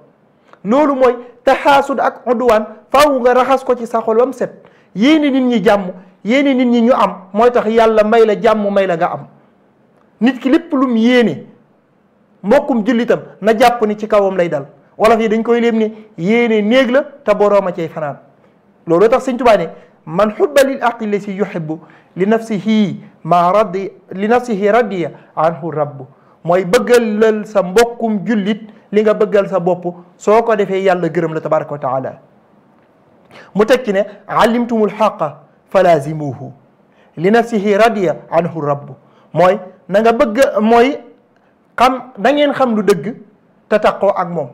loolu mooy taxaasud ak odduwaan faaw nga raxas ko ci sa xol bam set yéene nit ñi jàmm yéene nit ñi ñu am mooy tax yàlla may la jàmm may la nga am nit ki lépp lum yéene mbokkum jullitam na jàpp ni ci kawam lay dal wolof yi dañ koy léem ni yéene néeg la te borooma cay fanaan loolu tax sëñ Tuubaa ne man xubba lil aqi la si yuhibbu li nafsihi maa radi li nafsihi radiya anhu rabbu mooy bëggalal sa mbokkum jullit li nga bëggal sa bopp soo ko defee yàlla gërëm la tabaraka wa taala mu teg ci ne alimtumul xaqa falazimuhu li nafsihi radiya anhu rabbu mooy na nga bëgg mooy xam na ngeen xam lu dëgg te taqoo ak moom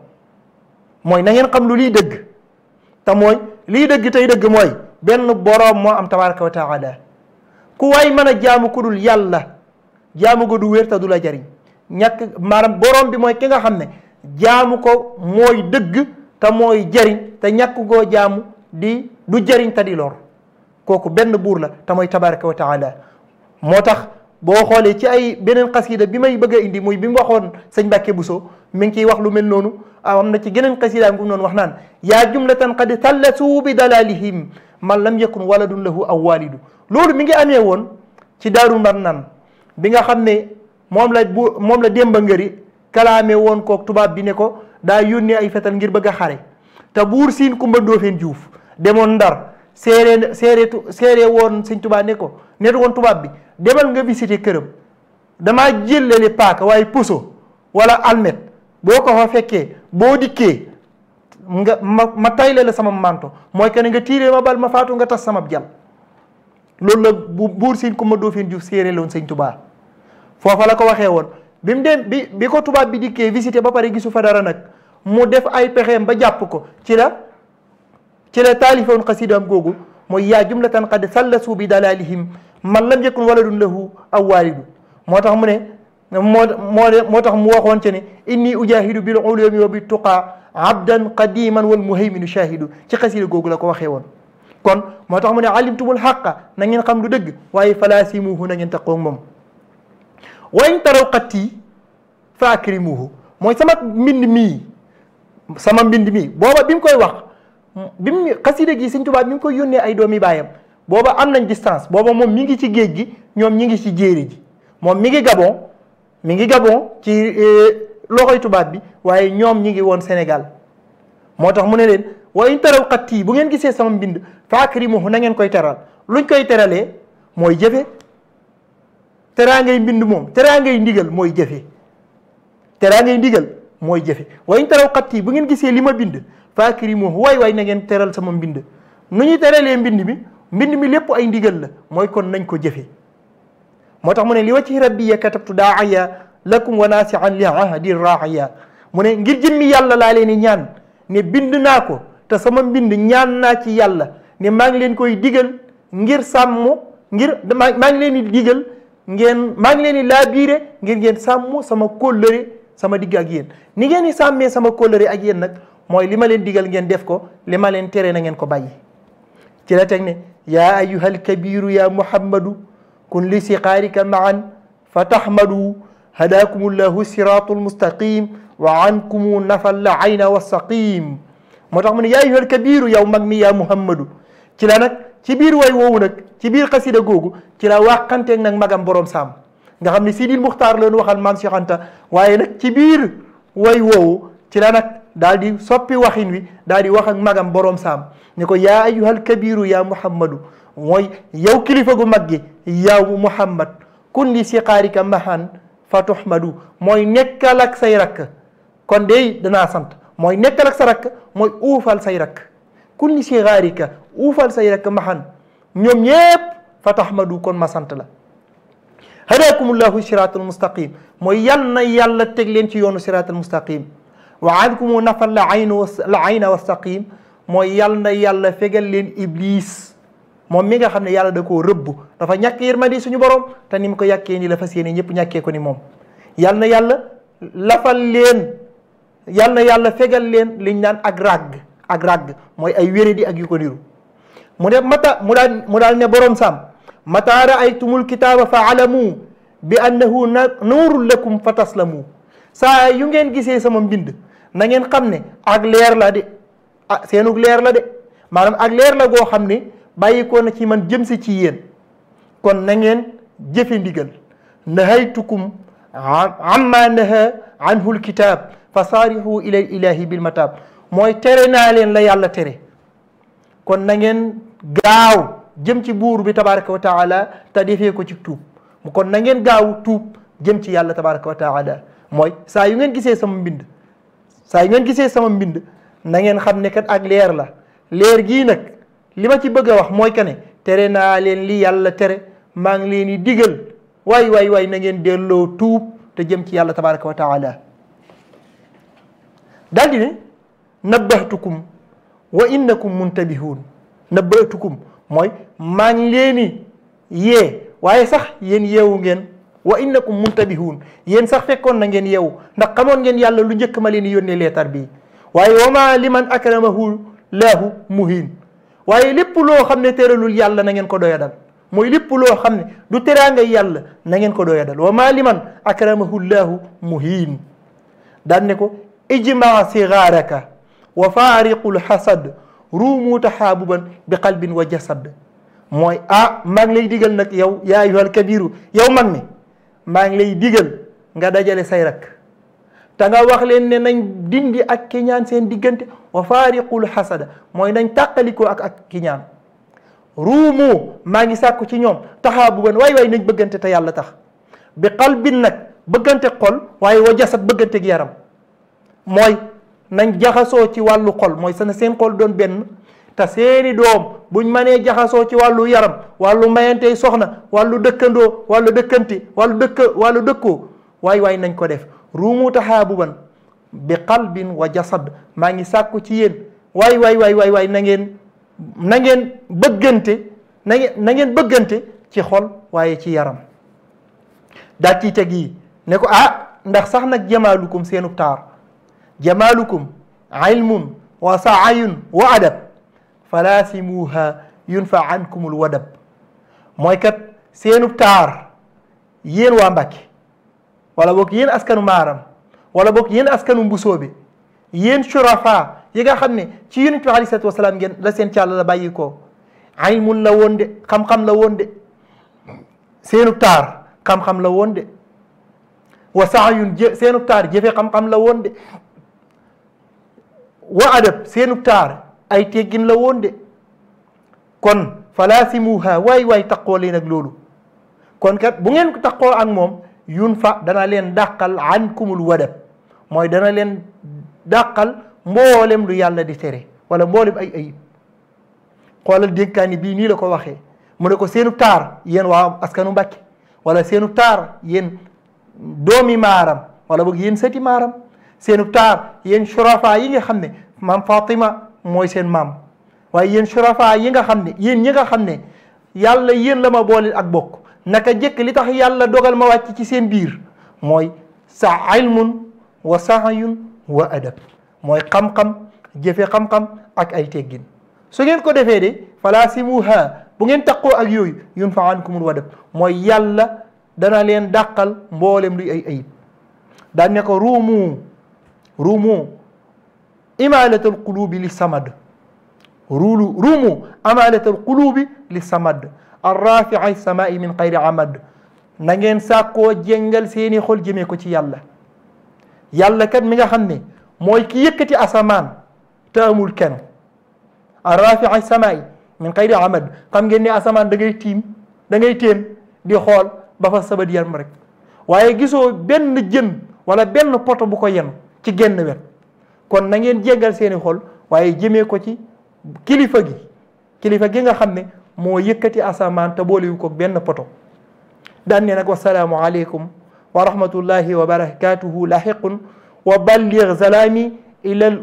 mooy na ngeen xam lu liy dëgg te mooy liy dëgg tey dëgg mooy benn boroom moo am tabaraka wa taala ku waay mën a jaamu ku dul yàlla jaamu ko du wér te du la jariñ ñàkk maanaam borom bi mooy ki nga xam ne jaamu ko mooy dëgg ta mooy jariñ te ñàkk goo jaamu di du jariñ te di lor kooku benn buur la te mooy tabaraka wa moo tax boo xoolee ci ay beneen xasida bi may bëgg a indi muy bi mu waxoon sëñ Mbàkke Buso mi ngi ciy wax lu mel noonu ah, am na ci geneen xasidaam gu mu noonu wax naan yaa jumlatan qad tallasu bi dalalihim man lam yakun waladun lahu aw walidu loolu mi ngi amee woon ci daaru marnaan bi nga xam ne moom la bu moom la démba ngëri kalaame woon koog tubaab bi ne ko daa yónnee ay fetal ngir bëgg a xare te buur siin kumba Ndoofeen Juuf demoon ndar séeree séereetu séeree woon sëñ tubaab ne ko neet woon tubaab bi demal nga visiter këram damaa jëlale paaka waaye poso wala almet boo ko fa fekkee boo dikkee nga ma ma tayle la sama manto mooy que nga tiiree ma bal ma faatu nga tas sama jàmm loolu la bu buur siin ku ma doofin ju séeré loon sëñ tubaa foofa la ko waxee woon bi mu dem bi bi ko tubaab bi dikkee visité ba pare gisu fa dara nag mu def ay pexeem ba jàpp ko ci la ci la taalifoon xasidaam googu mooy yaa jumlatan qad sallasu bi dalalihim man lam yakun waladun lahu aw waalidu moo tax mu ne moo moo moo tax mu waxoon ci ne inni ujahidu bil ulumi wa bi tuqa abdan wa wal muhayminu shahidu ci xasida googu la ko waxee woon kon moo tax mu ne alimtumul xaqa na ngeen xam lu dëgg waaye falaasimuhu na ngeen taqoo moom wa in taraw qatti fa akrimuhu mooy sama mbind mi sama mbind mii booba bi koy wax bi mu xasida gi sëñ Tuubaa mi ngi koy yónnee ay doomi baayam booba am nañ distance booba moom mi ngi ci géej gi ñoom ñu ngi ci jéere ji moom mi ngi Gabon mi ngi Gabon ci euh, loxoy tubaab bi waaye ñoom ñu ngi woon Sénégal moo tax mu ne leen wa in taraw xatti bu ngeen gisee sama mbind faakrimuhu na ngeen koy teral lu luñ koy teralee mooy jëfe teraa ngay mbind moom teraa ngay ndigal mooy jëfe teraa ngay ndigal mooy jëfe wayn taraw xat bu ngeen gisee li ma bind faakrimuhu waay waay na ngeen teral sama mbind nu ñuy teralee mbind mi mbind mi lépp ay ndigal la mooy kon nañ ko jëfe moo tax mu ne li wacci rabbiya katabtu daaya lakum wa naasian li ahdi raaya mu ne ngir jëmmi yàlla laa leen ñaan ne bind naa ko te sama mbind ñaan naa ci yàlla ne maa ngi leen koy digal ngir sàmm ngir maa ngi leen di digal ngeen maa ngi leen di laabiire ngir ngeen sàmm sama kóllëre sama digg ak yéen ni ngeen di sàmmee sama kóllëre ak yéen nag mooy li ma leen digal ngeen def ko li ma leen tere na ngeen ko bay ci la ya ne yaa ayyuhal kabiru ya muhammadu kun li siqaarika maan fa tahmadu hadaakum allahu siraatul mustaqim wa ankumu nafal la ayna wa saqim moo tax mu ne yaa ayyuhal kabiru yow mag mi yaa muhammadu ci la nag ci biir way woowu nag ci biir xasida googu ci la wàqanteeg nag magam boroom sàmm nga xam ne Sidil Muxtaar leen waxal maam Cheikh Anta waaye nag ci biir way wow ci la nag daal di soppi waxin wi daal di wax ak magam boroom saam ni ko yaa ayyuhal kabiru yaa muhammadu mooy yow kilifa gu mag gi yow muhammad kun li siqaarika mahan fa tuhmadu mooy nekkal say rakk kon dey danaa sant mooy nekkal ak sa rakk mooy uufal say rakk kun li siqaarika uufal say rakk mahan ñoom ñépp fa tahmadu kon ma sant la hadakumullahu siratal mustaqim mooy yal na yàlla teg leen ci yoonu siratal mustaqim wa adkumu nafal la aynu la ayna wastaqim mooy yal na yàlla fegal leen iblis moom mi nga xam ne yàlla da koo rëbb dafa ma yërmande suñu borom te ni mu ko yàkkee ni la fas yéene ñëpp ñàkkee ko ni moom yal na yàlla lafal leen yal na yàlla fegal leen liñ naan ak ràgg ak ràgg mooy ay wéradi ak yu ko niru mu ne mata mu daal ne borom saam mata raaytumul kitaaba fa alamu bi annahu nuurun lakum fa taslamu saa yu ngeen gisee sama mbind na xam ne ak leer de ah seenug leer la de ak leer la goo xam ne bàyyi ko ci man jëm si ci yéen kon nangeen ngeen jëfe ndigal nahaytukum amma naha anhu lkitab fa saarihu ila ilahi bil matab mooy tere naa leen la yàlla tere kon na gaaw jëm ci buur bi tabaraka wa taala te defee ko ci tuub mu kon na ngeen gaaw tuub jëm ci yàlla tabaraka wa taala mooy saa yu ngeen gisee sama mbind saa yu ngeen gisee sama mbind nangeen ngeen xam ne kat ak leer la leer gii nag li ci bëgg a wax mooy que ne tere na leen li yàlla tere maa ngi leen di digal waay waay waay na ngeen delloo tuub te jëm ci yàlla tabaraka wa taala daal di ne nabbahtukum wa innakum muntabihun nabbahtukum mooy maa ngi leeni yee waaye sax yéen yeewu ngeen wa innakum muntabihuun yéen sax fekkoon na ngeen yeewu ndax xamoon ngeen yàlla lu njëkk ma leen yónnee leetar bii waaye wa maa man akramahu laahu muhin waaye lépp loo xam ne tëralul yàlla na ngeen ko doyadal mooy lépp loo xam ne du teraanga yàlla na ngeen ko doyadal wa maa liman akramahu laahu muhin daan ne ko ijmaa sigaaraka wa faariqul xasad ruumu taxaabuban bi qalbin wa jasad mooy a ah, maa ngi lay digal nag yow yaa ayyuhal kabiru yow mag mi maa ngi lay digal nga dajale say rak te nga wax leen ne nañ dindi ak kiñaan seen diggante wa faariqul xasada mooy nañ tàqalikoo ak ak kiñaan ruumu maa ngi sàkku ci ñoom taxaabuban way way nañ bëggante te yàlla tax bi qalbin nag bëggante xol waaye wa jasad bëggante ak yaram mooy nañ jaxasoo ci wàllu xol mooy sana seen xol doon benn te seeni doom buñ mënee jaxasoo ci wàllu yaram wàllu mayantey soxna wàllu dëkkandoo wàllu dëkkanti wàllu dëkk wàllu dëkkoo waaye waaye nañ ko def ruumu taxaabuban bi qalbin wa jasad maa ngi sàkku ci yéen waay waay waay waay waay na ngeen na ngeen bëggante na bëggante ci xol waaye ci yaram daal ciy teg yi ne ko ah ndax sax nag jamaalukum seenu taar jamalukum ilmun wa saayun wa adab falaasimuha yunfa ankumul wadab mooy kat seenub taar yéen waa Mbàkke wala boog yéen askanu maaram wala boog yéen askanu mbusoobe yéen shurafa yi nga xam ne ci yonent bi aleyhi salaatu la seen càlla la bàyyi ko ilmun la woon de xam la woon de seenub taar xam la woon de wa saayun jë seenub taar jëfe xam-xam la woon wa adab seenu taar ay teggin la woon de kon falaasimuha waay waay taqoo leen ak loolu kon kat bu ngeen taqoo ak moom yun fa dana leen dàqal ankumul wadab mooy dana leen dàqal mboolem lu yàlla di tere wala mboolem ay ayib xoolal dénkaani bii nii la ko waxee mu ne ko seenu taar yéen waa askanu Mbàkke wala seenu taar yéen doomi maaram wala boog yéen sëti maaram seenu taar yéen shurafa yi nga xam ne maam Fatima mooy seen maam waaye yéen surafa yi nga xam ne yéen ñi nga xam ne yàlla yéen la ma booleel ak bokk naka jëkk li tax yàlla dogal ma wàcc ci seen biir mooy sa ilmun wa saayun wa adab mooy xam-xam jëfe xam-xam ak ay teggin su ngeen ko defee de falaasimuha bu ngeen taqoo ak yooyu yun fa ankumul wadab mooy yàlla dana leen dàqal mboolem luy ay ayib daan ne ko ruumu imaanatal quluubi li samad ruulu ruumu amaanatal quluubi li samad arrafiai samaai min xayri amad na ngeen sàkkoo jéngal seeni xol jëmee ko ci yàlla yàlla kat mi nga xam ne mooy ki yëkkati asamaan te amul kenn arrafiai samaai min xayri amad xam ngeen ne asamaan da ngay tiim da ngay di xool ba fa sabat yaram rek waaye gisoo benn jën wala benn poto bu ko yen ci genn wet kon na ngeen jéggal seeni xol waaye jëmee ko ci kilifa gi kilifa gi nga xam ne moo yëkkati asamaan te boolewu ko benn poto daan ne nag wasalaamu aleykum wa rahmatullahi wa barakatuhu lahiqun wa balligh salaami ila al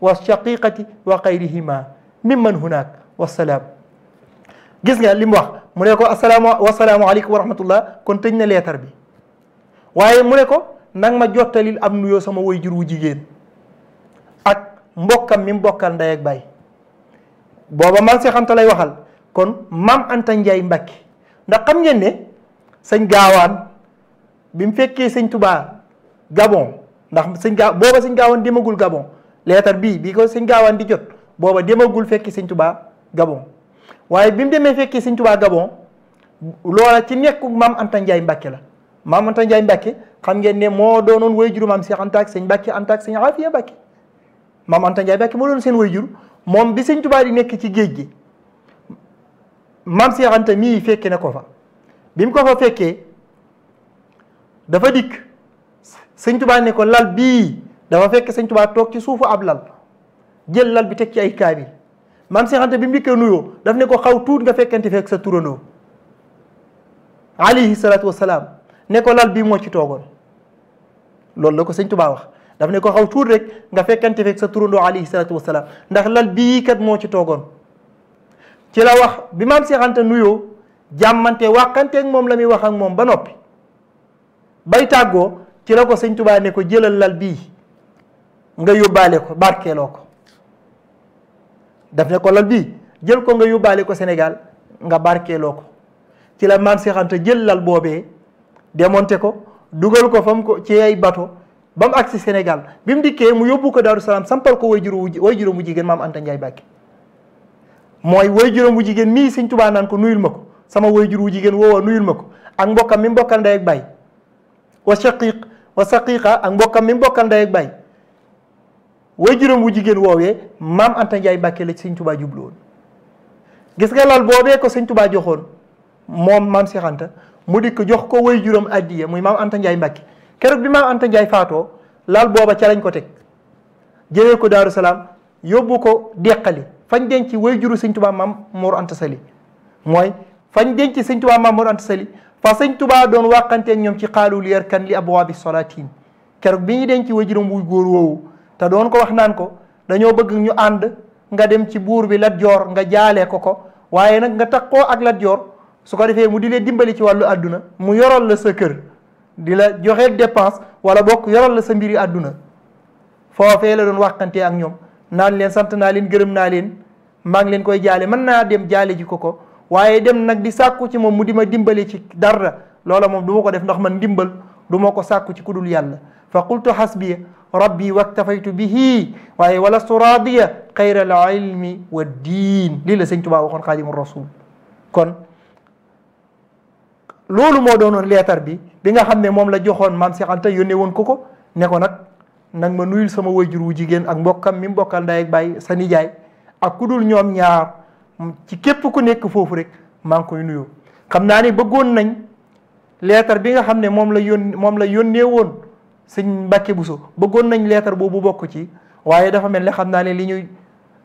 wa shaqiqati wa xayrihima mimman hunaak wasalaam gis nga li mu wax mu ne ko asalaamu wasalaamu aleykum wa rahmatullah kon tëj na leetar bi waaye mu ne ko nang ma jottalil am nuyoo sama woy jur wu jigéen mbokkam mi mbokkal ndey ak baay booba maam Seex lay waxal kon maam Anta Njaay Mbàkke ndax xam ngeen ne sëñ gaawaan bi mu fekkee sëñ Touba Gabon ndax sëñ gaa booba sañ gaawaan demagul Gabon leetar bii bii ko sëñ gaawaan di jot booba demagul fekki sëñ Touba Gabon waaye bi mu demee fekkee sëñ Touba Gabon loola ci nekku maam Anta Njaay Mbàkke la maam Anta Njaay Mbàkke xam ngeen ne moo doonoon way juru maam Seex Anta ak sëñ Mbàkke Anta ak sëñ Aafiya maam Anta Ndiaye Mbacke moo doon seen way jur moom bi sëñ Tuubaa di nekk ci géej gi maam seexante Anta mii fekke na ko fa bi mu ko fa fekkee dafa dikk sëñ Tuubaa ne lal bii dafa fekk sëñ Tuubaa toog ci suufu ab lal jël lal bi teg ci ay kaabi maam Cheikh bi mu dikkee nuyoo daf ne ko xaw tuut nga fekkante fekk sa turandoo alayhi salaatu wasalaam ne lal bii moo ci toogoon loolu la ko sëñ Tuubaa wax daf ne ko xaw tuur rek nga fekkante fekk sa turandoo alayhi salaatu wasalaam ndax lal bii kat moo ci toogoon ci la wax bi maam Seex nuyoo jàmmante waxanteeg moom la muy wax ak moom ba noppi bay tàggoo ci la ko sëñ Tuubaa ne ko jëlal lal bii nga yóbbaale ko barkeeloo ko daf ne ko lal bii jël ko nga yóbbaale ko senegal nga barkeeloo ko ci la maam Seex jël lal boobee démonté ko dugal ko fam ko ci ay bato ba mu agsi Sénégal bi mu dikkee mu yóbbu ko Daaru Salaam sampal ko way juru way juróom wu jigéen maam Anta Ndiaye Mbàkke mooy way juróom wu jigéen mii Sëñ Tuubaa naan ko nuyul ma jigéen woowa nuyul ma ko ak mbokkam mi mbokkal ndey ak baay wa shaqiq wa saqiqa ak mbokkam woowee maam Anta Ndiaye Mbàkke la Sëñ Tuubaa jublu gis nga lal boobee ko Sëñ Tuubaa joxoon moom maam Seex mu dikk jox ko way juróom addiya muy maam Anta Ndiaye Mbàkke keroog bi maam Anta Ndiaye faatoo laal booba ca lañ ko teg jëlee ko Daaru Salaam yóbbu ko deqali fañ denc way juru sëñ tubaa maam Mor Anta Sali mooy fañ denc sëñ tubaa maam Mor Anta Sali fa sëñ tubaa doon wàqanteeg ñoom ci xaalul yar kan li abwaabi solaatin keroog bi ñu denc way juróom wu góor woowu te doon ko wax naan ko dañoo bëgg ñu ànd nga dem ci buur bi Lat Joor nga jaalee ko ko waaye nag nga takkoo ak Lat Joor su ko defee mu di lee dimbali ci wàllu àdduna mu yoral la sa kër di la joxe dépense wala bokk yoral la sa mbiri àdduna foofee la doon waxantee ak ñoom naan leen sant naa leen gërëm naa leen maa ngi leen koy jaale man naa dem jaale ji ko ko waaye dem nag di sàkku ci moom mu di ma dimbali ci dara loola moom duma ko def ndox man ndimbal duma ko sàkku ci dul yàlla fa qultu hasbiya rabbi waktafaytu bihi waaye wala suradiya xayra al ilmi wa diin lii la sëñ Tuubaa waxoon xaadimu rasul kon loolu moo doonoon leetar bi bi nga xam ne moom la joxoon maam Cheikh Anta yónnee woon ko ko ne nag nag ma nuyul sama wayjur wu jigéen ak mbokkam mi mbokkal ndey ak baay sa nijaay ak ku ñoom ñaar ci képp ku nekk foofu rek maa ngi koy nuyoo xam naa ne bëggoon nañ leetar bi nga xam ne moom la yón moom la yónnee woon sëñ Mbàkke Buso bëggoon nañ leetar boobu bokk ci waaye dafa mel ne xam naa ne li ñuy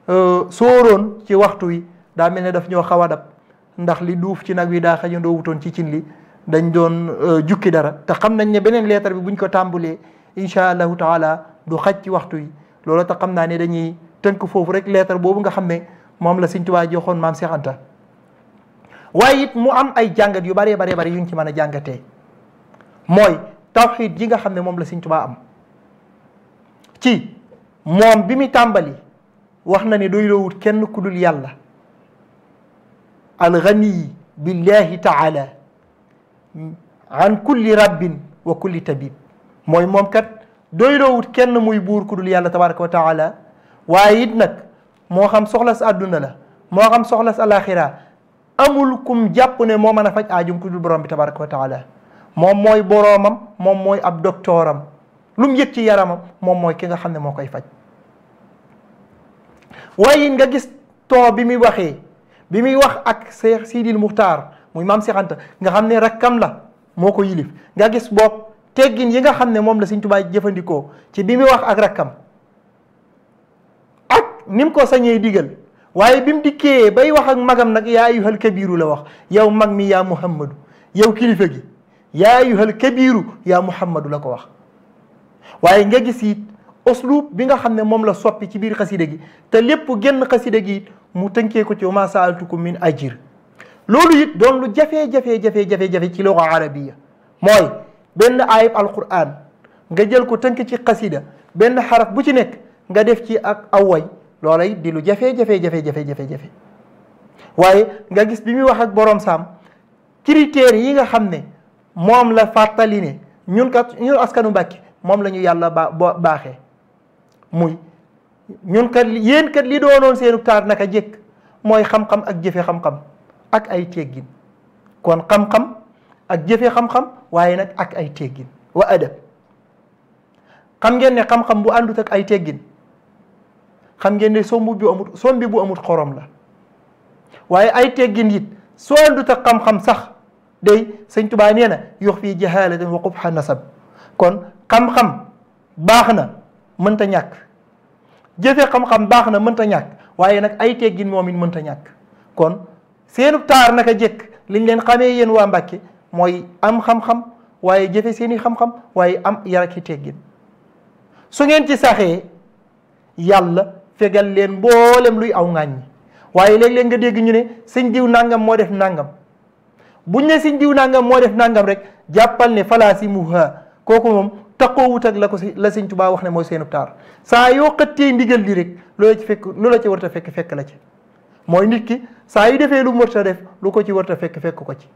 euh, sóoroon ci waxtu wi daa mel ne daf ñoo xaw a dab ndax li duuf ci nag wi daa xajandoo wutoon ci cin li dañ doon euh, jukki dara te xam nañ ne beneen leetar bi buñ ko tàmbalee incha allahu taala du xaj ci waxtu yi loolu te xam naa ne dañuy tënk foofu rek leetar boobu nga xam ne moom la Sëñ joxoon maam Seex Anta waaye it mu am ay jàngat yu bëree baree bëri yuñ ci mën a jàngatee mooy tawxiid ji nga xam ne moom la Sëñ Tuubaa am ci moom bi muy tàmbali wax na ne doy loowut kenn ku dul yàlla alxaniyi billahi taala an kulli rabbin wa kulli tabib mooy moom kat doyloowut kenn muy buur ku dul yàlla tabaraka wa taala waaye it nag moo xam soxlas àdduna la moo xam soxlas alaxira amul kum jàpp ne moo mën a faj aajum ku dul borom bi tabaraka wa taala moom mooy boroomam moom mooy ab docteuram lu mu ci yaramam moom mooy ki nga xam ne moo koy faj waaye nga gis ton bi muy waxee bi muy wax ak Cheikh Sidil Muxtaar muy maam Cheikh Anta nga xam ne rakkam la moo ko yilif nga gis bopp teggin yi nga xam ne moom la Sëñ Tuubaa jëfandikoo ci bi muy wax ak rakkam ak ni ko sañee digal waaye bi mu dikkee bay wax ak magam nag yaa ayyuhal kabiru la wax yow mag mi yaa muhammadu yow kilifa gi yaa ayyuhal kabiru yaa muhammadu la ko wax waaye nga gis it uslub bi nga xam ne moom la soppi ci biir xasida gi te lépp genn xasida gi mu tënkee ko ci wa maa saaltukum min ajir loolu it doon lu jafe jafee jafee jafe jafe ci loo luga arabiya mooy benn ayib alquran nga jël ko tënk ci xasida benn xarab bu ci nekk nga def ci ak awway loolay di lu jafe jafe jafe jafe jafe waaye nga gis bi muy wax ak borom saam critères yi nga xam ne moom la fàttali ne ñun kat ñun askanu Mbàkke moom lañu ñu yàlla ba baaxee muy ñun kat yéen kat li doonoon seenu taar naka jekk mooy xam-xam ak jëfe xam-xam ak ay teggin kon xam-xam ak jëfe xam-xam waaye nag ak ay teggin wa adab xam ngeen ne xam-xam bu àndut ay teggin xam ngeen ne sombu bi amut sombi bu la waaye ay teggin it soo àndut ak xam-xam sax day sëñ Tubaa nee na yox fii jahalatan wa qubha nasab kon xam-xam baax na mënta ñàkk jëfe xam-xam baax na mënta ñàkk waaye nag ay teggin moom it mënta ñàkk kon seenu taar naka jëkk liñ leen xamee yéen waa Mbàkke mooy am xam-xam waaye jëfe seeni xam-xam waaye am yar ak teggin su ngeen ci saxee yàlla fegal leen mboolem luy aw ŋàññi waaye léeg leen nga dégg ñu ne sëñ diw nangam moo def nangam buñ ne sëñ diw nangam moo def nangam rek jàppal ne falaasi mu ha kooku moom taqoowut ak la ko la sëñ Tuubaa wax ne mooy seenub taar saa yoo xëttee ndigal li rek loola ci fekk loola ci war a fekk fekk la ci mooy nit ki saa yu defee lu mu def lu ko ci war a fekk fekk ko ci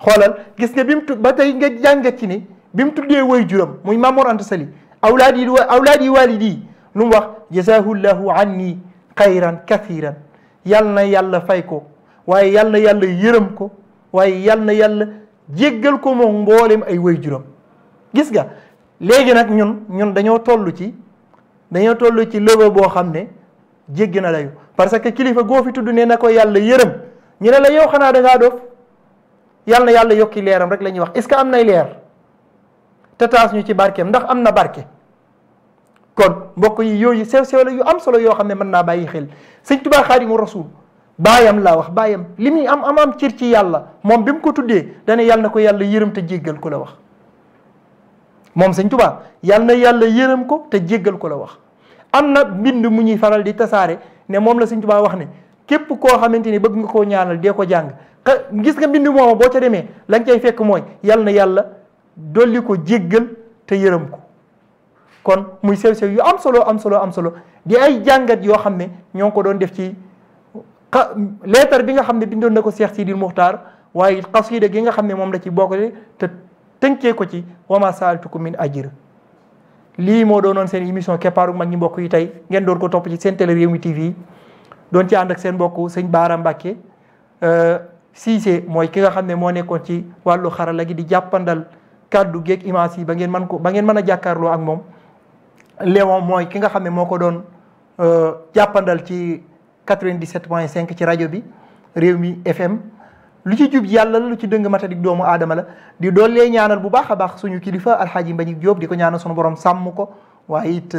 xoolal gis nga bi mu ba tey nga jàngat ci ni bi mu tuddee way juram muy Mamoor Anta Sali awlaad yi awlaad yi waalidi yi lu mu wax jazaahullahu anni xayran kathiran yal na yàlla fay ko waaye yal na yàlla yërëm ko waaye yal na yàlla jéggal ko moom mboolem ay way juram gis nga léegi nag ñun ñun dañoo tollu ci dañoo toll ci level boo xam ne jéggi na layu parce que kilifa goo fi tudd ne na ko yàlla yërëm ñu ne la yow xanaa da ngaa doof yàlla na yàlla yokki leeram rek lañuy wax est ce que am nay leer te taas ñu ci barkeem ndax am na barke. kon mbokk yi yooyu sew sew la yu am solo yoo xam ne mën naa bàyyi xel sëñ Tuubaa mu Rasuul baayam laa wax baayam li muy am am am cir ci yàlla moom bi mu ko tuddee dana yàlla na ko yàlla yërëm te jéggal ku la wax. moom sëñ Tuubaa yal na yàlla yërëm ko te jéggal ko la wax am na mbind mu ñuy faral di tasaare ne moom la sëñ Tuubaa wax ne képp koo xamante ni bëgg nga koo ñaanal dee ko jàng gis nga mbind moom boo ca demee lañ koy fekk mooy yal na yàlla dolli ko jéggal te yërëm ko kon muy sew-sew yu am solo am solo am solo di ay jàngat yoo xam ne ñoo ngi ko doon def ci xa leetar bi nga xam ne bindoon na ko Seex Sidil Muxtaar waaye xasida gi nga xam ne moom la ci bokkale tënkee ko ci wama saaltukum min ajir lii moo doonoon seen émission keppaaru mag ñi mbokk yi tey ngeen doon ko topp ci seen télé Rewmi TV doon ci ànd ak seen mbokk sëñ Baara Mbàkke euh, Cissé mooy ki nga xam ne moo nekkoon ci wàllu xarala gi di jàppandal kàddu geeg image yi ba ngeen man ko ba ngeen mën a jàkkaarloo ak moom Léon mooy ki nga xam ne moo ko doon euh, jàppandal ci 97 point 5 ci rajo bi mi FM lu ci jub yàlla la lu ci dëng matadik doomu aadama la di dool doolee ñaanal bu baax a baax suñu kilifa alxaaji Mbañik Jóob di ko ñaanal suñu borom sàmm ko waaye it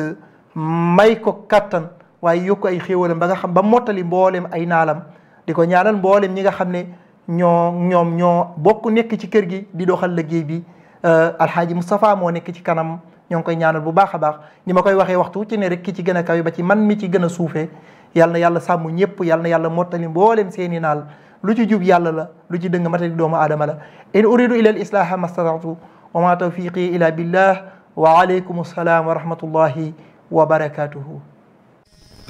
may ko kattan waaye yokk ay xéewalam ba nga xam ba mottali mbooleem ay naalam di ko ñaanal mbooleem ñi nga xam ne ñoo ñoom ñoo bokk nekk ci kër gi di doxal liggéey bi euh, alxaaji Moustapha moo nekk ci kanam ñoo ngi koy ñaanal bu baax a baax ni ma koy waxee waxtu ci ne rek ki ci gën a kawe ba ci man mi ci gën a suufee yàlla yàlla sàmm ñëpp yàlla yàlla mottali mbooleem seeni naal lu ci jub yàlla la lu ci dëng matadi doomu aadama la in uridu ila al islaha mastatatu wa ma tawfiqi ila billah wa alaykum assalaam wa rahmatullahi wa barakatuhu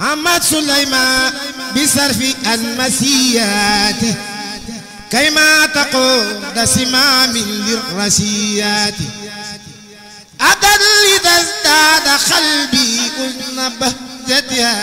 ahmad sulayman bi sarfi al masiyat kayma taqud simamin lirrasiyat adal idha izdada qalbi kulna bahjatiha